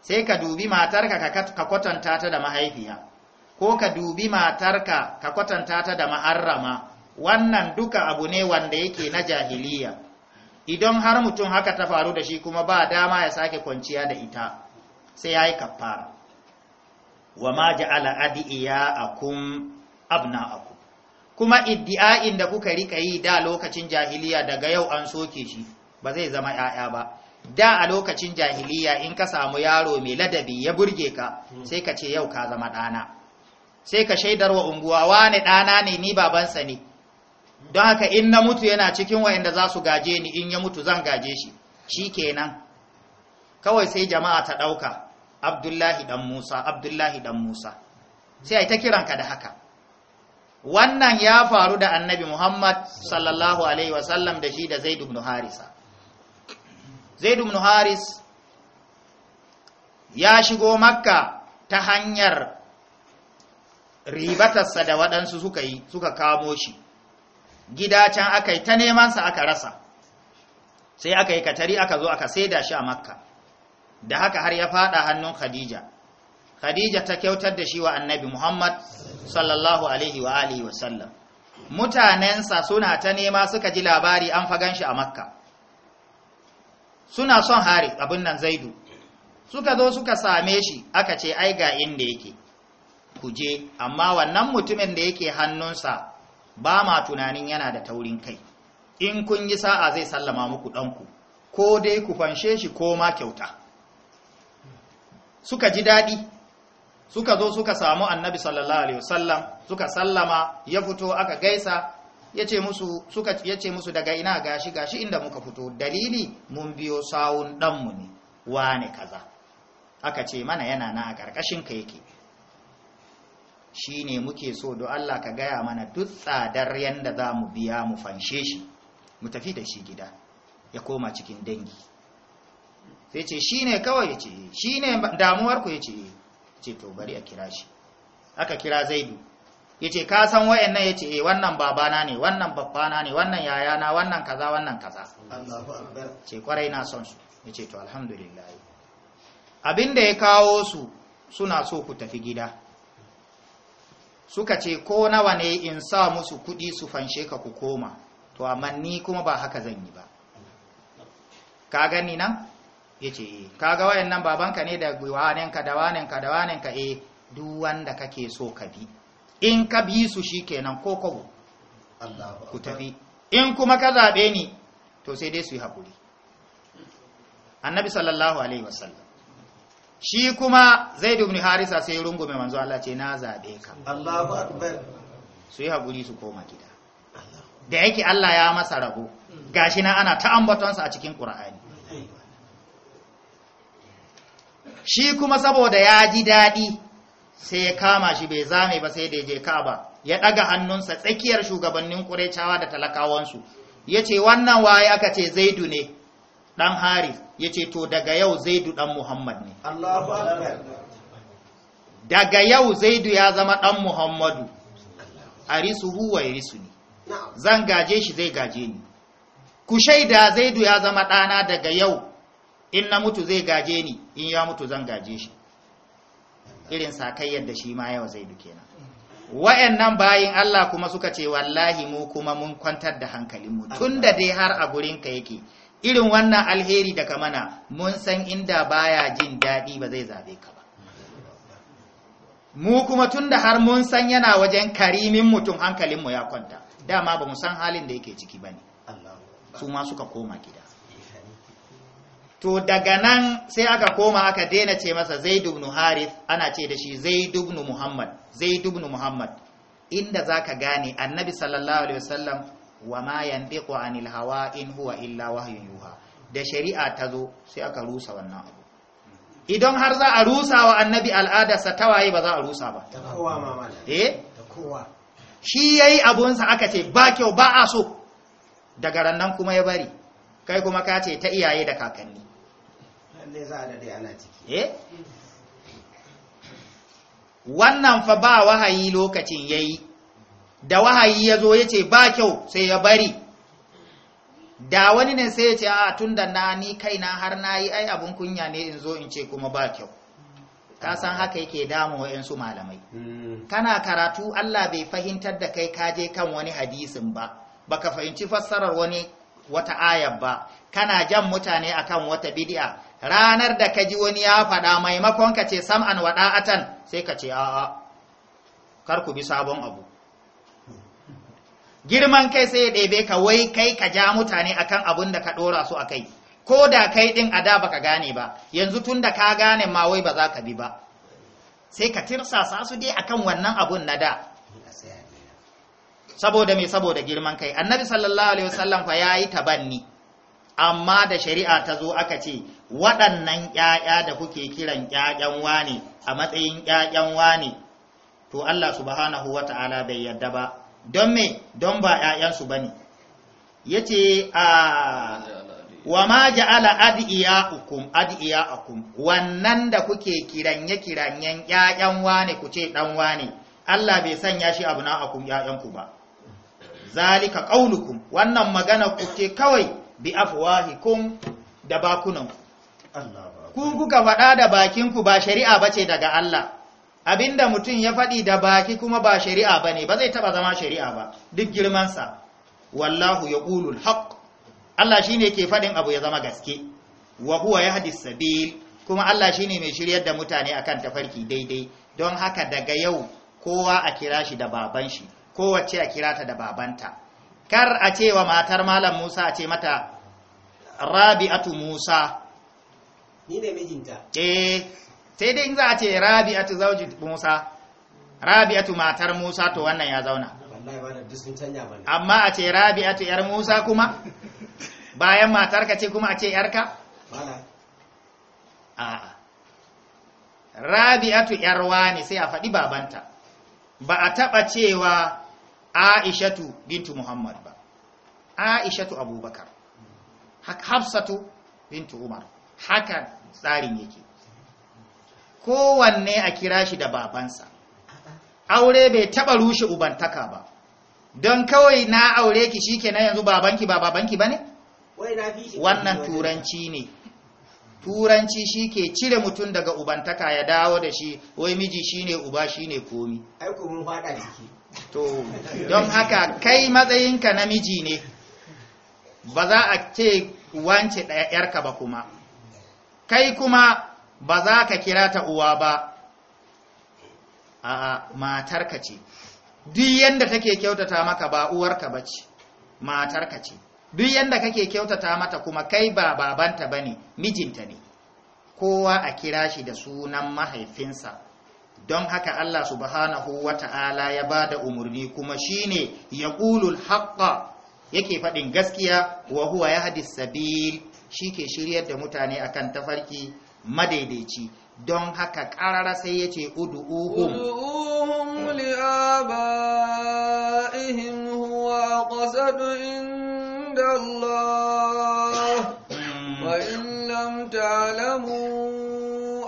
Speaker 1: sai ka dubi matarka ka kwatanta ta da mahaifiya ko ka dubi matarka ka kwatanta ta da ma'arrama wannan duka abu ne wanda yake na jahiliya idan har mutum haka ta faru da shi kuma ba dama ya sake kwanciya da ita sai ya yi kafara wa ma ja'ala adiya akum abna'akum kuma iddi'a'in da kuka rika yi da lokacin jahiliya daga yau an soke shi ba zai zama ‘ya'ya ba da a lokacin jahiliya in ka samu yaro mai ladabi ya burge ka sai ka ce yau ka zama ɗana sai ka shaidar wa unguwa wani ɗana ne ni babansa ne don haka in na mutu yana cikin wa'anda za su gaje ni in ya mutu zan gaje shi shi kenan kawai sai jama'a ta ɗauka abdullahi ɗan musa abdullahi ɗan musa sai a yi ta kiranka da haka wannan ya faru da annabi muhammad sallallahu alaihi wasallam da shi da Zaidu ibn harisa zaidu ibn haris ya shigo makka ta hanyar ribatarsa da waɗansu suka yi suka kamo shi gida can aka yi ta nemansa aka rasa sai aka yi katari aka zo aka saida shi a makka da haka har ya fada hannun khadija khadija ta kyautar da shi wa annabi muhammad sallallahu alaihi wa alihi wa sallam mutanensa suna ta nema suka ji labari an fagan shi a makka suna son hari abin nan zaidu suka zo suka same shi aka ce ai ga inda yake kuje amma wannan mutumin da yake hannunsa ba ma tunanin yana da taurin kai in kun yi sa'a zai sallama muku ɗanku ko dai ku fanshe shi ko ma kyauta suka ji daɗi suka zo suka samu annabi sallallahu alaihi wasallam suka sallama ya fito aka gaisa yace musu suka yace musu daga ina gashi gashi inda muka fito dalili mun biyo sawun dan mu ne wane kaza aka ce mana yana na a karkashin ka yake shine muke so do Allah ka gaya mana duk tsadar yanda za mu biya mu fanshe shi mu tafi da shi gida ya koma cikin dangi sai ce shine kawai yace shine damuwar ku yace eh. ce to bari a kira shi aka kira zaidu ya ce ka san wa'annan ya ce e eh, wannan babana ne wannan babbana ne wannan yayana wannan kaza wannan kaza ce kwarai na son su ya ce to alhamdulillah abinda ya kawo su suna so ku tafi gida suka ce ko nawa ne in sa musu kuɗi su fanshe ka ku koma to amma ni kuma ba haka zan yi ba ka gani nan ya ce eh, kaga wayannan babanka ne da wanenka da wanenka da wanenka eh duk wanda kake so ka bi in ka bi su shikenan ko Allah ku tafi in kuma ka zaɓe ni to sai dai su yi haƙuri annabi sallallahu alaihi wasallam shi kuma zaid ibn harisa sai rungume manzo Allah ce na zaɓe ka Allahu akbar su yi haƙuri su koma gida da yake Allah ya masa rabo hmm. gashi na ana ta sa a cikin Qur'ani shi kuma saboda ya ji daɗi sai ya kama shi bai zame ba sai da ya je ka'aba ya ɗaga hannunsa tsakiyar shugabannin ƙurecawa da talakawansu ya ce wannan waye aka ce zaidu ne ɗan hari ya ce to daga yau zaidu ɗan muhammad ne daga yau zaidu ya zama ɗan muhammadu a risu huwa ya risu ne zan gaje shi zai gaje ni ku shaida zaidu ya zama ɗana daga yau in na mutu zai gaje ni in ya mutu zan gaje shi irin sakayyar yadda shi ma yau zai duke na wa'annan bayin Allah kuma suka ce wallahi mu kuma mun kwantar da hankalinmu mu tunda dai har a gurin ka yake irin wannan alheri daga mana mun san inda baya jin daɗi ba zai zabe ka ba mu kuma tun da har mun san yana wajen karimin mutum hankalinmu ya kwanta dama ba mu san halin da yake ciki ne su ma suka koma gida to daga nan sai aka koma aka daina ce masa zaid ibn harith ana ce da shi zaid ibn muhammad zaid ibn muhammad inda zaka gane annabi sallallahu alaihi wasallam wa ma yantiqu anil hawa in huwa illa wahyu yuha da shari'a ta zo sai aka rusa wannan abu idan har za a rusa wa annabi al'adarsa ta waye ba za a rusa ba ta kowa mamala eh ta kowa shi yayi abunsa aka ce ba kyau ba a so daga rannan kuma ya bari kai kuma ka ce ta iyaye da kakanni lalle za a dade ana ciki eh? wannan fa ba wahayi lokacin yayi da wahayi ya zo ya ce ba kyau sai ya bari da wani ne sai ya ce a ah, tun da na ni kaina har na yi ai abin kunya ne in zo in ce kuma ba kyau ka san haka yake damu wa'yansu malamai hmm. kana karatu Allah bai fahimtar da kai kaje kan wani hadisin ba baka fahimci fassarar wani wata ayar ba kana jan mutane akan wata bid'a ranar da ka ji wani ya faɗa maimakon ka ce sam'an wada'atan sai ka ce a'a kar ku bi sabon abu girman kai sai ya ɗebe ka wai kai ka ja mutane akan abin da ka ɗora su a kai ko da kai ɗin a da ka gane ba yanzu tun da ka gane ma wai ba za ka bi ba sai ka tirsasa su dai kan wannan abun na da saboda mai saboda girman kai annabi sallallahu alaihi wasallam fa yayi tabanni amma da shari'a ta zo aka ce waɗannan ƴaƴa da kuke kiran ƴaƴan wane a matsayin ƴaƴan wane to Allah subhanahu wata'ala bai yarda ba don me don ba ƴaƴansu bane yace a wa ma ja'ala adiyakum adiyakum wannan da kuke kiranye kiranyen ƴaƴan wane ku ce dan wane Allah bai sanya shi abu na ƴaƴan ƴaƴanku ba zalika qaulukum wannan magana ku ce kawai bi afwahikum da bakunanku ku kuka faɗa da bakinku ba shari'a ba ce daga Allah abinda mutum ya faɗi da baki kuma ba shari'a ba ne ba zai taɓa zama shari'a ba duk girmansa wallahu ya ƙulul haƙ Allah shi ne ke faɗin abu ya zama gaske wa huwa ya haɗi sabil kuma Allah shi ne mai shiryar da mutane a kan tafarki daidai don haka daga yau kowa a kira shi da baban shi kowace a kira ta da babanta kar a ce wa matar malam Musa a ce mata rabi'atu Musa ni ne mijinta eh sai dai in za a ce rabi'atu zauji musa rabi'atu matar musa to wannan ya zauna amma a ce rabi'atu yar musa kuma bayan matar ka ce kuma a ce yarka a rabi'atu yarwa ne sai a faɗi babanta ba a taɓa cewa aishatu bintu muhammad ba aishatu abubakar hafsatu bintu umar haka tsarin yake kowanne a kira shi da babansa aure bai taba rushe ubantaka ba don kawai na aure ki shi na yanzu babanki ba babanki ba ne wannan turanci ne turanci shi ke cire mutum daga ubantaka ya dawo da shi wai miji shi ne uba shi ne komi to don haka kai matsayinka namiji ne ba za a ce wance ɗaya yarka ba kuma kai kuma ba za ka kira ta uwa ba a'a matarka ce duk yanda take kyautata maka ba uwarka ka matarka ce duk yanda kake kyautata mata kuma kai ba babanta ba ne, mijinta ne kowa a kira shi da sunan mahaifinsa don haka Allah subhanahu wata'ala ya ba da umurni kuma shi shine ƙulul haqqa yake faɗin gaskiya wa huwa hadis sabil shi ke shiryar da mutane akan tafarki madaidaici don haka ƙarara sai ya ce
Speaker 2: udu'uhum udu'uhum li'aba'ihim huwa qasadu inda Allah wa in lam ta'lamu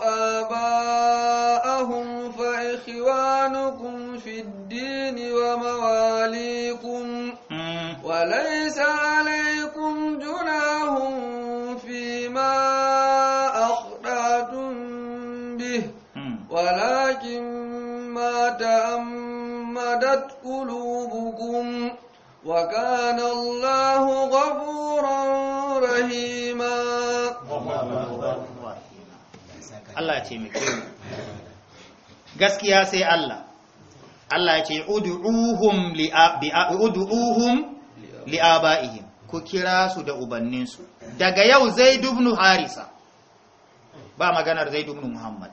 Speaker 2: aba'ahum fa ikhwanukum fid din wa mawalikum mm. wa laysa قلوبكم وكان الله غفورا رحيما
Speaker 1: Allah ya taimake mu gaskiya sai Allah Allah ya ce ud'uhum li'abuduhum li'abaihim ku kira su da ubanninsu. daga yau Zaid ibn Harisa ba maganar Zaid ibn Muhammad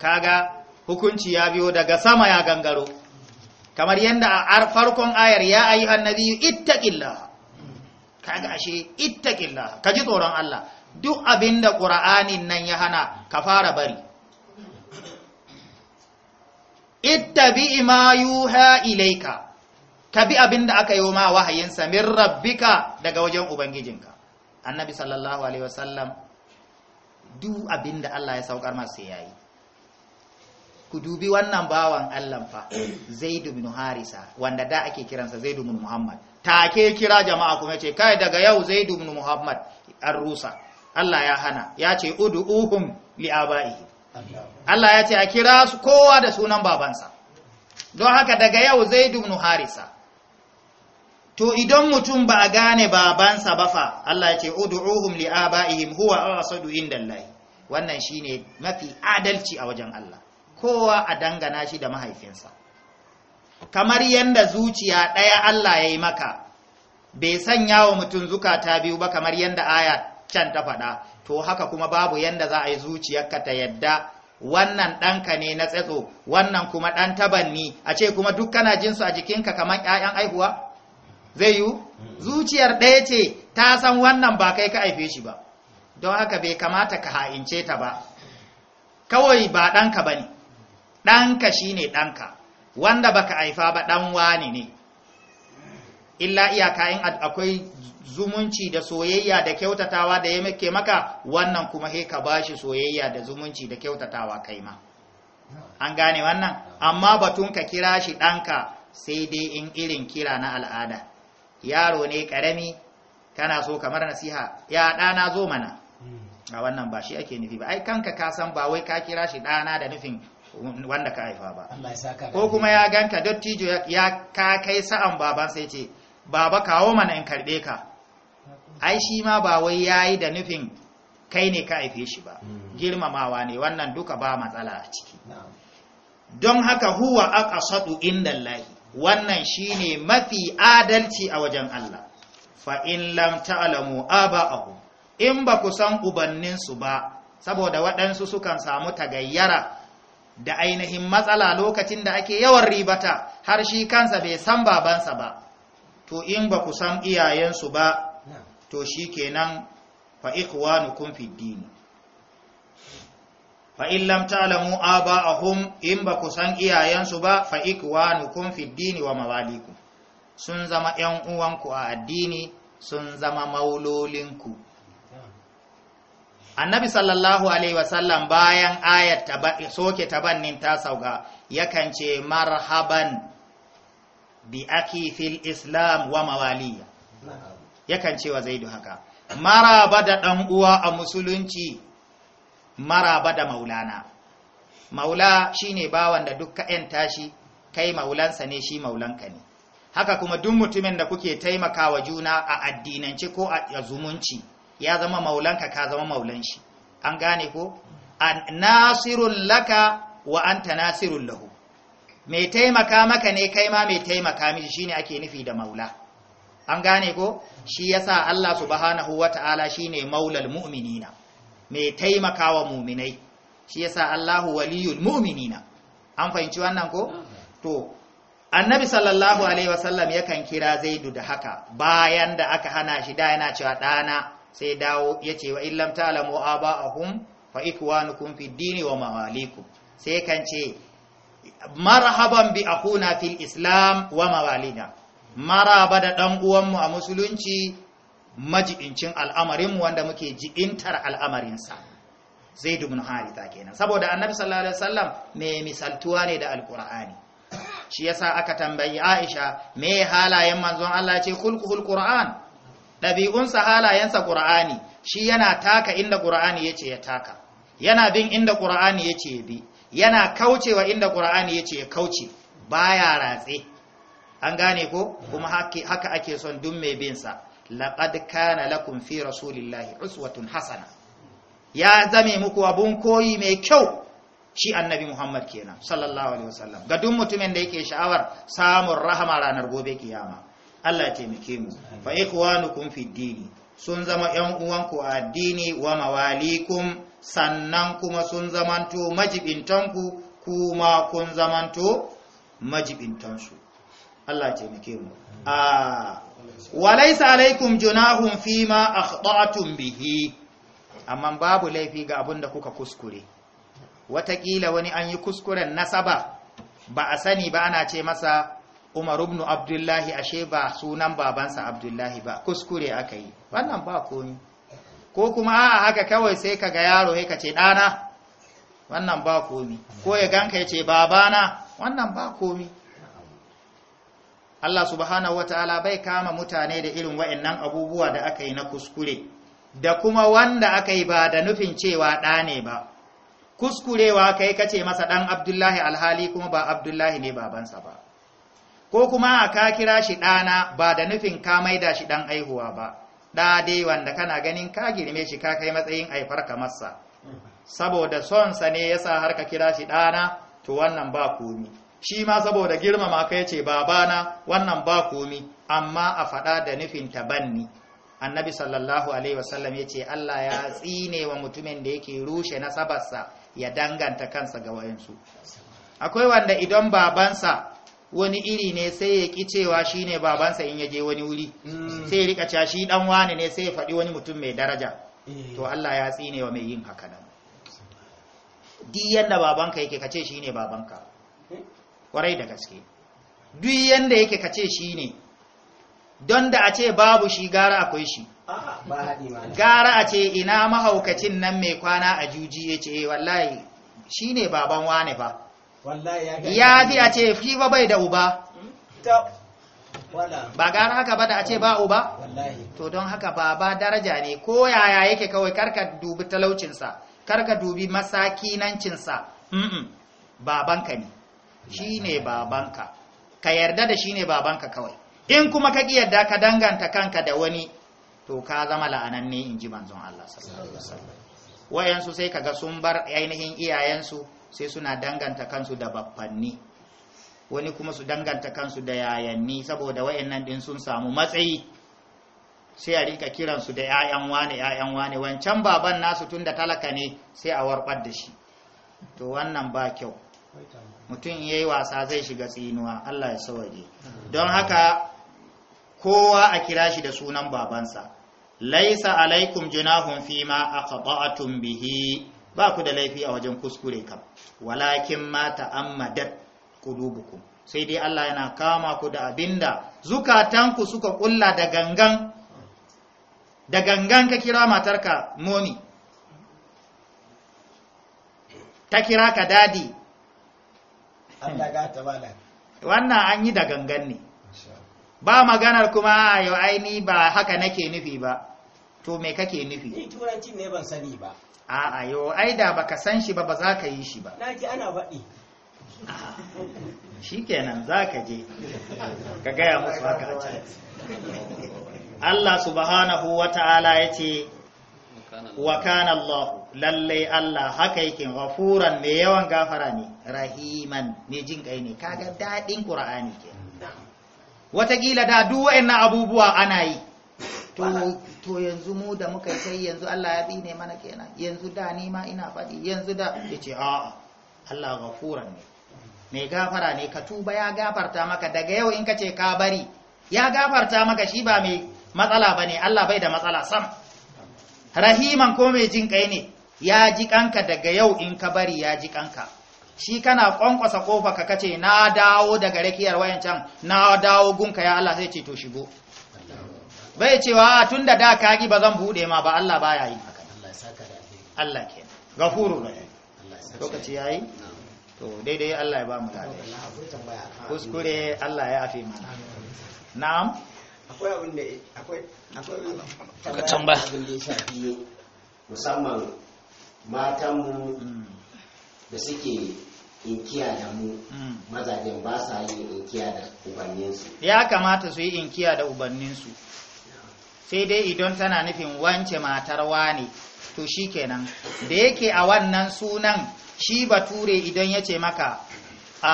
Speaker 1: kaga hukunci ya biyo daga sama ya gangaro kamar yadda a farkon ayar ya ayi annabi ittaqilla kaga ashe ittaqilla kaji tsoron Allah duk abinda qur'anin nan ya hana ka fara bari ittabi ma yuha ilayka ka bi abinda aka yi ma wahayin sa min rabbika daga wajen ubangijinka annabi sallallahu alaihi wasallam duk abinda Allah ya saukar masa yayi ku dubi wannan bawan Allah fa Zaidu bin Harisa wanda da ake kiransa Zaidu bin Muhammad take kira jama'a kuma ce kai daga yau Zaidu bin Muhammad ar-Rusa Allah ya hana ya ce ud'uhum li abaihi Allah ya ce a kira su kowa da sunan babansa don haka daga yau Zaidu bin Harisa to idan mutum ba a gane babansa ba fa Allah ya ce ud'uhum li abaihim huwa asadu indallahi wannan shine mafi adalci a wajen Allah kowa a dangana shi da mahaifinsa kamar yadda zuciya ɗaya Allah ya yi maka bai sanya wa mutum zukata biyu ba kamar yadda aya can ta faɗa to haka kuma babu yadda za a yi zuciyarka ta yadda wannan ɗanka ne na tsatso wannan kuma ɗan tabanni a ce kuma duk kana jinsu a jikinka kamar 'ya'yan aihuwa zai yiwu hmm. zuciyar ɗaya ce ta san wannan ba kai ka haife shi ba don haka bai kamata ka ha'ince ta ba kawai ba ɗanka ba ne ɗanka shine ɗanka wanda baka haifa ba ɗan wani ne illa iyaka in akwai zumunci da soyayya da kyautatawa da ya make maka wannan kuma he ka bashi soyayya da zumunci da kyautatawa kai ma an gane wannan amma batun ka kira shi ɗanka sai dai in irin kira na al'ada yaro ne ƙarami kana so kamar nasiha ya ɗana zo mana hmm. a wannan ba shi ake nufi ba ai kanka ka san ba wai ka kira shi ɗana da nufin wanda ka haifa ba ko kuma ya ganka dattijo ya ka kai sa'an baban sai ce baba kawo mana in karbe ka ai shi ma ba wai yayi da nufin kai ne ka haife shi ba hmm. girmamawa ne wannan duka ba matsala a ciki don haka huwa aqsadu indallahi wannan shine mafi adalci a wajen Allah fa in lam ta'lamu aba'ahum in ba ku san su ba saboda waɗansu sukan samu tagayyara da ainihin matsala lokacin da ake yawan ribata har shi kansa bai san babansa ba to in ba ku san iyayensu ba to shi kenan fa ikhwanukum fid din fa in lam ta'lamu aba'ahum in ba ku san iyayensu ba fa ikhwanukum fid wa mawaliku. sun zama yan uwanku a addini sun zama maulolinku annabi sallallahu alaihi wasallam bayan ayat soke tabannin ta sauka yakan ce marhaban bi aki fil islam wa mawaliya yakan ce wa zaidu haka maraba da ɗan uwa a musulunci maraba da maulana maula shine bawan da duk ka'yan tashi kai maulansa ne shi maulanka ne haka kuma duk mutumin da kuke taimakawa juna a addinance ko a zumunci ya zama maulanka ka zama maulan shi an gane ko nasirul laka wa anta nasirul lahu mai taimaka maka ne kai ma mai taimaka miki shine ake nufi da maula an gane ko shi yasa Allah subhanahu wata'ala shine maulal mu'minina mai taimakawa mu'minai shi yasa Allahu waliyul mu'minina an fahimci wannan ko to annabi sallallahu alaihi wasallam yakan kira zaidu da haka bayan da aka hana shi da yana cewa dana sai dawo ya ce wa illam ta'lamu aba'ahum fa ikwanukum fi dini wa mawalikum sai kan ce marhaban bi akuna fil islam wa mawalina maraba da dan uwanmu a musulunci majibincin al'amarinmu wanda muke ji'intar al'amarinsa zaid ibn haritha kenan saboda annabi sallallahu alaihi wasallam mai misaltuwa ne da alqur'ani shi yasa aka tambayi aisha me halayen manzon Allah ce khulqul qur'an ɗabi'unsa halayensa ƙur'ani shi yana taka inda ƙur'ani ya ce ya taka yana bin inda ƙur'ani ya ce ya bi yana kaucewa inda ƙur'ani ya ce ya kauce baya ratse an gane ko kuma haka ake son duk mai bin sa laqad kana lakum fi rasulillahi uswatun hasana ya zame muku abun koyi mai kyau shi annabi Muhammad kenan sallallahu alaihi wasallam ga duk mutumin da yake sha'awar samun rahama ranar gobe kiyama Allah ya taimake mu fa ikhwanukum fid dini sun zama yan uwanku a addini wa mawalikum sannan kuma sun zamanto majibintanku kuma kun zamanto majibintansu Allah ya taimake mu a laysa alaikum junahun fima akhta'tum bihi amma babu laifi ga abinda kuka kuskure Wataƙila wani an yi kuskuren nasaba ba a sani ba ana ce masa umar ibn abdullahi ashe ba sunan babansa abdullahi ba kuskure aka yi wannan ba komi ko kuma a haka kawai sai ka ga yaro ya kace ɗana wannan ba komi ko ya ganka ya ce babana wannan ba komi Allah subhanahu wataala bai kama mutane da irin wa'annan abubuwa da aka yi na kuskure da kuma wanda aka yi ba da nufin cewa ɗa ba kuskurewa kai kace masa ɗan abdullahi alhali kuma ba abdullahi ne babansa ba ko kuma ka kira shi ɗana ba da nufin ka maida shi ɗan aihuwa ba ɗa dai wanda kana ganin ka girme shi ka kai matsayin aifar kamarsa saboda sa ne yasa har ka kira shi ɗana to wannan ba komi shi ma saboda girmama ka yace babana wannan ba komi amma a faɗa da nufin tabanni annabi sallallahu alaihi wasallam ce Allah ya tsine wa mutumin da yake rushe nasabarsa ya danganta kansa ga wayansu akwai wanda idan babansa wani iri ne sai ya ki cewa shi ne babansa in ya je wani wuri hmm. sai rika cewa shi dan wani ne sai ya faɗi wani mutum mai daraja eh. to Allah ya tsine wa mai yin haka nan duk yanda babanka yake kace shi ne babanka kwarai da gaske duk yanda yake kace shi ne don da a ce babu shi gara akwai shi gara a ce ina mahaukacin nan mai kwana a juji ya ce eh, wallahi shi ne baban wane ba. ya fi a ce fi ba bai da uba ba gara haka ba da a ce ba uba to don haka ba ba daraja ne ko yaya yake kawai karka dubi talaucinsa karka dubi masakinancinsa babanka ne shi ne babanka ka yarda da shi ne babanka kawai in kuma ka yarda ka danganta kanka da wani to ka zama la'ananne in ji manzon Allah sallallahu alaihi wasallam wayansu sai kaga sun bar ainihin iyayensu sai suna danganta kansu da baffanni wani kuma su danganta kansu da yayanni saboda wayannan din sun samu matsayi sai a rika kiransu da 'ya'yan wane 'ya'yan wane wancan baban nasu tun da talaka ne sai a warbar da shi to wannan ba kyau mutum ya yi wasa zai shiga tsinuwa Allah ya sawaje don haka kowa a kira shi da sunan babansa laisa alaikum junahun fima aqta'tum bihi ba ku da laifi a wajen kuskure kam walakin ma ta'ammadat qulubukum sai dai Allah yana kama ku da abinda zukatanku suka kulla da gangan da gangan ka kira matarka moni ta kira ka dadi wannan an yi da gangan ne ba maganar kuma yau aini ba haka nake nufi ba to me kake nufi ne turanci ne ban sani ba a'a yau ai da baka san shi ba ba za ka yi shi ba na ji ana faɗi za ka je ka gaya musu haka a can Allah subhanahu wa ta'ala ya ce wa kana Allah lallai Allah haka yake ghafuran mai yawan gafara ne rahiman mai jin kai ne kaga dadin qur'ani ke Wataƙila da duk wayannan abubuwa ana yi to yanzu mu da muka kai yanzu Allah ya tsine mana kenan yanzu da ni ma ina faɗi yanzu da yace a'a Allah ghafuran ne mai gafara ne ka tuba ya gafarta maka daga yau in kace ka bari ya gafarta maka shi ba mai matsala bane Allah bai da matsala sam rahiman ko mai jin kai ne ya ji kanka daga yau in ka bari ya ji kanka shi kana kwankwasa kofa ka kace na dawo daga rakiyar wayancan na dawo gunka ya Allah sai ce to shigo bai cewa ah, tun da da kagi ba zan bude ma ba Allah ba ya yi Allah ke gafuru ne lokaci yayi to daidai Allah ya ba mu dade kuskure Allah ya afi mana na'am akwai abin da akwai akwai tambaya abin da ya shafi hmm. da suke inkiya da mu hmm. mazajen ba sa yin inkiya da ubanninsu ya kamata su yi inkiya da ubanninsu sai dai idan tana nufin wance matar wane to shi kenan da yake a wannan sunan shi bature idan ya ce maka a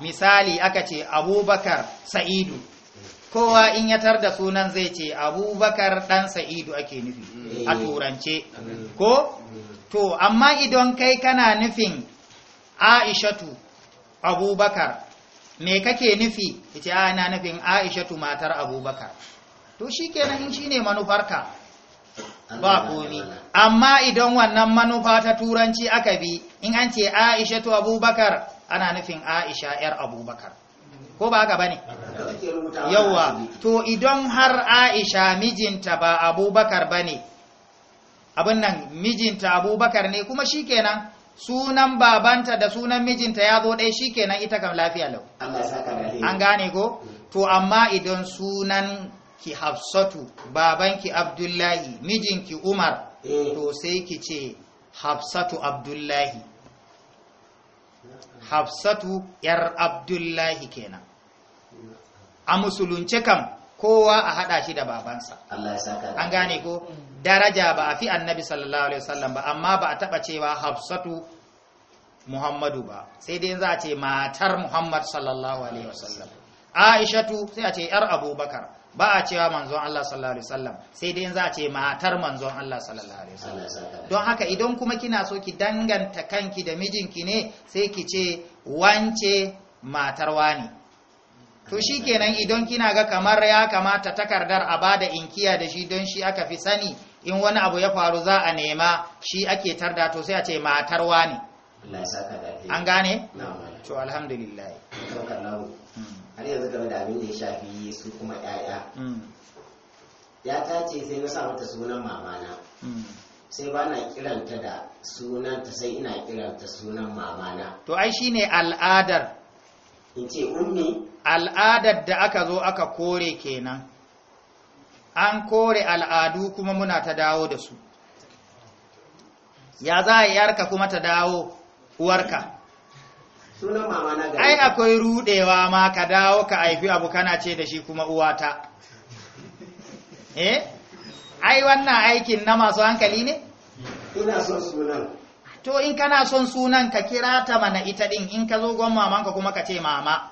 Speaker 1: misali aka ce abubakar sa'idu kowa in ya tar da sunan zai ce abubakar ɗan sa'idu ake nufi a turance ko to amma idan kai kana nufin aishatu abubakar me kake nufi ita ana nufin aishatu matar abubakar to shi kenan in shi ne manufarka ba komi amma idan wannan manufa ta turanci aka bi in an ce aisha to abubakar ana nufin aisha yar abubakar ko ba haka ba ne yauwa to idan har aisha mijinta ba abubakar ba ne abin nan mijinta abubakar ne kuma shi kenan sunan babanta da sunan mijinta ya zo ɗaya, shi kenan ita kam lafiya lau an gane ko mm. to amma idan sunan ki hafsatu babanki abdullahi mijinki umar eh. to sai ki ce hafsatu abdullahi hafsatu yar abdullahi kenan a musulunce kam kowa a hada shi da babansa an gane ko mm. daraja ba a fi annabi sallallahu alaihi wasallam ba amma ba a taba cewa hafsatu muhammadu ba sai dai za a ce matar muhammad sallallahu alaihi wasallam aishatu sai a ce yar abubakar ba a cewa manzon Allah sallallahu alaihi wasallam sai dai za a ce matar manzon Allah sallallahu alaihi wasallam don haka idan kuma kina so ki danganta kanki da mijinki ne sai ki ce wance matar wani to kenan idan kina ga kamar ya kamata takardar a bada inkiya da shi don shi aka fi sani in wani abu ya faru za a nema shi ake tarda to sai a ce matar wani an gane to alhamdulillah har yanzu game da abin da ya shafi su kuma 'ya'ya mm. ya ta sai na sa mata sunan mamana mm. sai ba na kiranta da sunanta sai ina kiranta sunan mamana to ai shine al'adar in ce ummi al'adar da aka zo aka kore kenan an kore al'adu kuma muna ta dawo da su ya za a yi yarka kuma ta dawo uwarka sunan ai akwai rudewa ma ka dawo ka haifi abu kana ce da shi kuma uwata eh ai wannan aikin na masu hankali ne
Speaker 2: ina son sunan
Speaker 1: to in kana son sunan ka kira ta mana ita din in ka zo gon mamanka kuma ka ce mama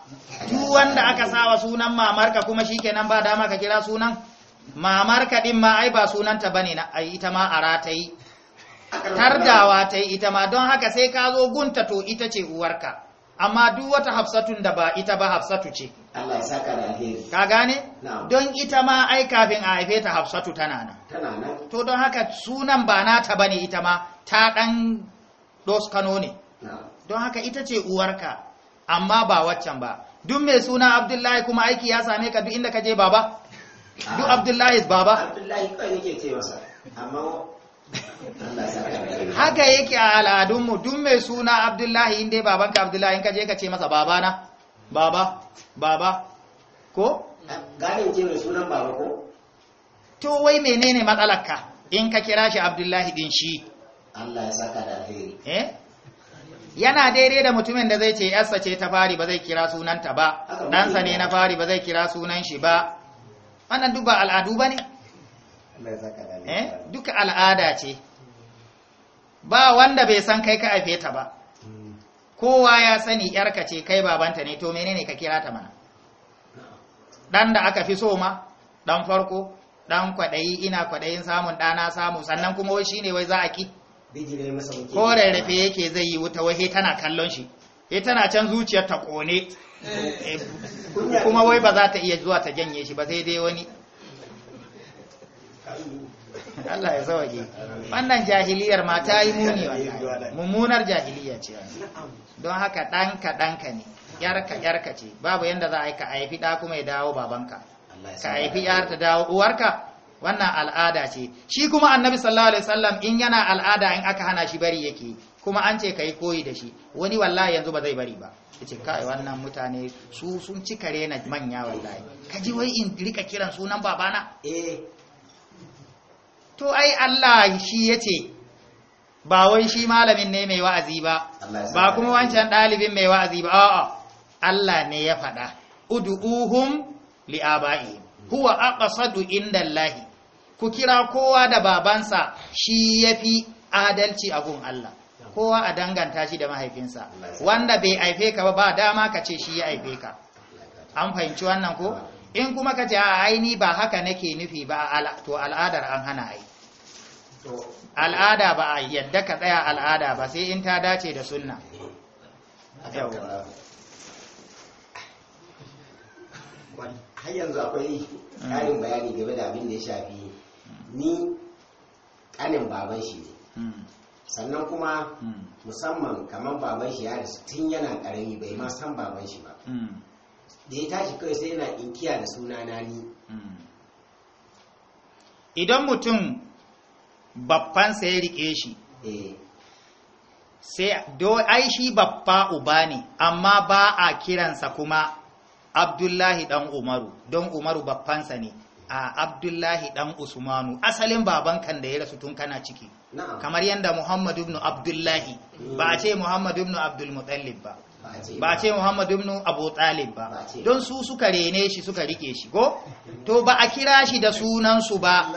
Speaker 1: tu wanda aka sawa sunan mamarka kuma shi shikenan ba dama ka kira sunan mamarka din ma ai ba sunanta bane na ai ita ma ara yi tardawa ta yi ita ma don haka sai ka zo gunta to ita ce uwarka amma duk wata hafsatun da ba ita ba hafsatu ce Allah ya saka da alheri ka gane don ita ma ai kafin a haife ta hafsatu tana nan tana nan to don haka sunan ba na ta bane ita ma ta dan dos kano ne don haka ita ce uwarka amma ba waccan ba duk mai suna Abdullahi kuma aiki ya same ka duk inda ka je baba duk Abdullahi baba Abdullahi kai nake ce masa amma haka yake a al'adunmu duk mai suna abdullahi inda babanka abdullahi ka je ka ce masa Baba na, baba baba ko? ganin ce mai sunan baba ko? to wai menene matsalarka in ka kira shi abdullahi din shi Allah ya saka da eh yana daidai da mutumin da zai ce yarsa ce ta fari ba zai kira sunanta ba ɗansa ne na fari ba zai kira sunan shi ba wannan duk ba al'adu ba ne Eh, duka al'ada ce ba wanda bai san kai ka aife ta ba hmm. kowa ya sani yarka ce kai babanta ne to menene ka kira ta mana dan da aka fi so ma dan farko dan kwadayi ina kwadayin samun dana samu sannan kuma wai shine wai za a ki ko rarrafe yake zai yi wuta wai tana kallon shi eh tana can zuciyar ta kone eh. eh, kuma wai ba za ta iya zuwa ta janye shi ba sai dai wani Allah ya zawage wannan jahiliyar ma ta yi muni mummunar jahiliya ce don haka ɗanka ɗanka ne yarka yarka ce babu yanda za a yi ka haifi ɗa kuma ya dawo babanka
Speaker 2: ka haifi yar
Speaker 1: ta dawo uwarka wannan al'ada ce shi kuma annabi sallallahu alaihi wasallam in yana al'ada in aka hana shi bari yake kuma an ce kai koyi da shi wani wallahi yanzu ba zai bari ba yace kai wannan mutane su sun cika rena manya wallahi kaji wai in rika kiran sunan babana eh to ai Allah shi yace ce ba wai shi malamin ne mai wa'azi ba ba kuma wancan dalibin mai wa'azi ba a'a Allah ne ya faɗa ud'uhum li'aba'i huwa aqsadu indallahi ku kira kowa da babansa shi yafi adalci a gun Allah kowa a danganta shi da mahaifinsa wanda bai haife ka ba ba dama ka ce shi ya haife ka an fahimci wannan ko in kuma ka ce a aini ba haka nake nufi ba to al'adar an hana ai al'ada ba a yadda ka tsaya al'ada ba sai in ta dace da sunna har yanzu akwai ƙarin bayani game da abin da ya shafi ni ƙanin baban shi ne hmm. sannan kuma hmm. musamman kamar baban shi ya rasu tun yana ƙarami bai ma san baban shi ba hmm. da ya tashi kawai sai yana inkiya da suna na ni idan mutum babbansa ya rike shi eh. sai do ai shi babba uba ne amma ba a kiransa kuma abdullahi dan umaru don umaru babbansa ne a abdullahi dan usmanu asalin baban kan da ya rasu tun kana ciki kamar yadda muhammadu ibn abdullahi ba a hmm. ce muhammadu ibn abdul ba ba ce Muhammad ibn Abu Talib ba don su suka rene shi suka rike shi ko to ba a kira shi da sunansu ba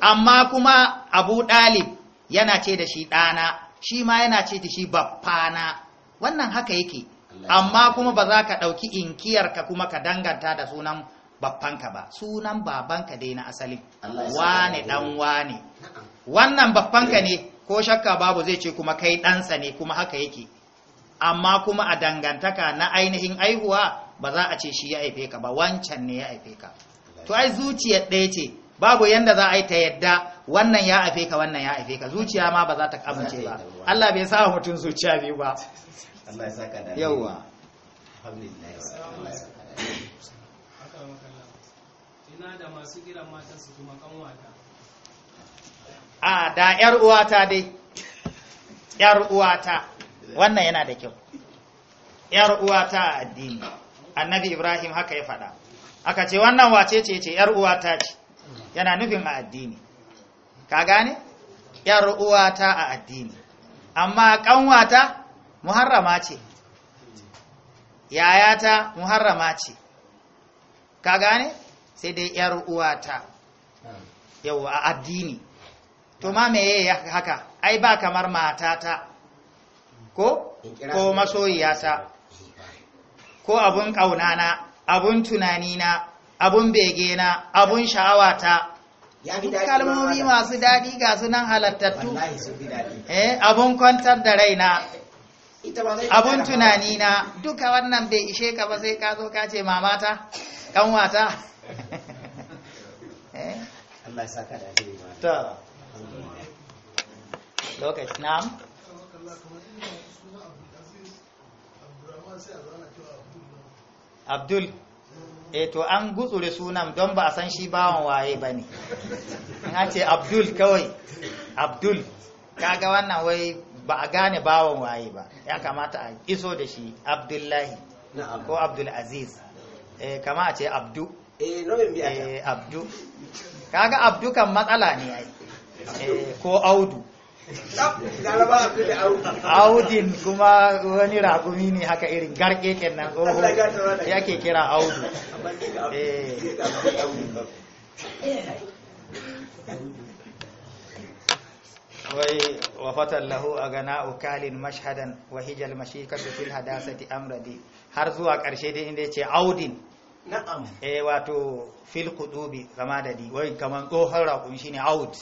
Speaker 1: amma kuma Abu Talib yana ce da shi dana shi ma yana ce da shi baffana wannan haka yake amma kuma ba za ka ɗauki inkiyarka kuma ka danganta da sunan baffanka ba sunan babanka dai na asalin wane dan wane wannan baffanka ne ko shakka babu zai ce kuma kai ɗansa ne kuma haka yake amma kuma a dangantaka na ainihin aihuwa ba za a ce shi ya haife ka ba wancan ne ya haife ka to ai zuciya ɗaya ce babu yanda za a yi ta yadda wannan ya haife ka wannan ya haife ka zuciya ma ba za ta kamace ba Allah bai sa mutum zuciya biyu ba Allah ya saka da yawa alhamdulillah ina da masu kiran mata su kuma kanwata a da yar uwata dai yar uwata wannan yana da kyau yar uwa ta addini annabi ibrahim haka ya faɗa aka ce wannan wace ce ce yar uwa ta ce yana nufin a addini ka gane yar uwa ta a addini amma kanwata muharrama ce yayata muharrama ce ka gane sai dai yar uwa ta yau a addini to ma meye haka ai ba kamar matata ko ko masoyiyata ko abun ƙaunana abun tunanina abun na, abun sha'awata kalmomi masu daɗi ga sunan halattattu eh abun kwantar da raina abun tunanina duka wannan bai ishe ka ba sai ka zo ka ce mamata kanwata eh. Allah ya saka da lokaci na'am abdul eh to an gutsure sunan don ba a san shi bawan waye ba ne an ce abdul kawai abdul kaga wannan wai ba a gane bawan waye ba ya kamata a iso da shi abdullahi ko abdul aziz eh, kama a ce abdu eh, eh, abdu kaga abdu kan matsala ne ai ko audu audin kuma wani ragumi ne haka irin garke kenan oho yake kira audu eh. wai fatan lahu a gana ukalin mashhadan wahijal mashikar da fil hadasati amradi har zuwa karshe dai inda yace ce audin eh wato fil kudubi kama da di wai kaman tsohon shi shine aud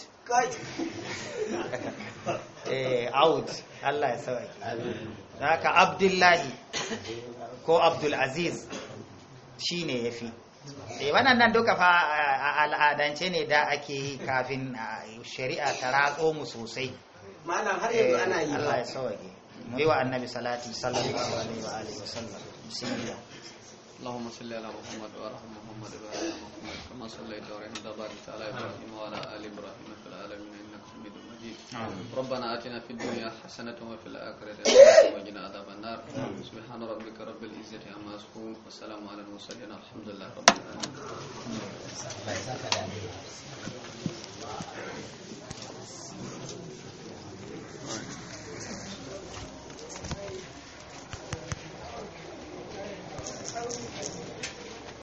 Speaker 1: Aud eh, Allah ya za haka abdullahi ko abdul shi ne ya fi eh, wannan nan duka fa al'adance ne da ake yi kafin shari'a ta ratso mu sosai Ma'ana har yanzu eh, ana yi Allah ya mu yi wa annabi salati sallallahu alaihi wa alihi
Speaker 2: bismillah اللهم صل على محمد وارحم محمد وعلى محمد كما صليت وارحمت وبارك على ابراهيم وعلى ال ابراهيم في العالمين انك حميد مجيد ربنا اتنا في الدنيا حسنه وفي الاخره حسنه وقنا عذاب النار سبحان ربك رب العزه عما يصفون والسلام على المرسلين الحمد لله رب العالمين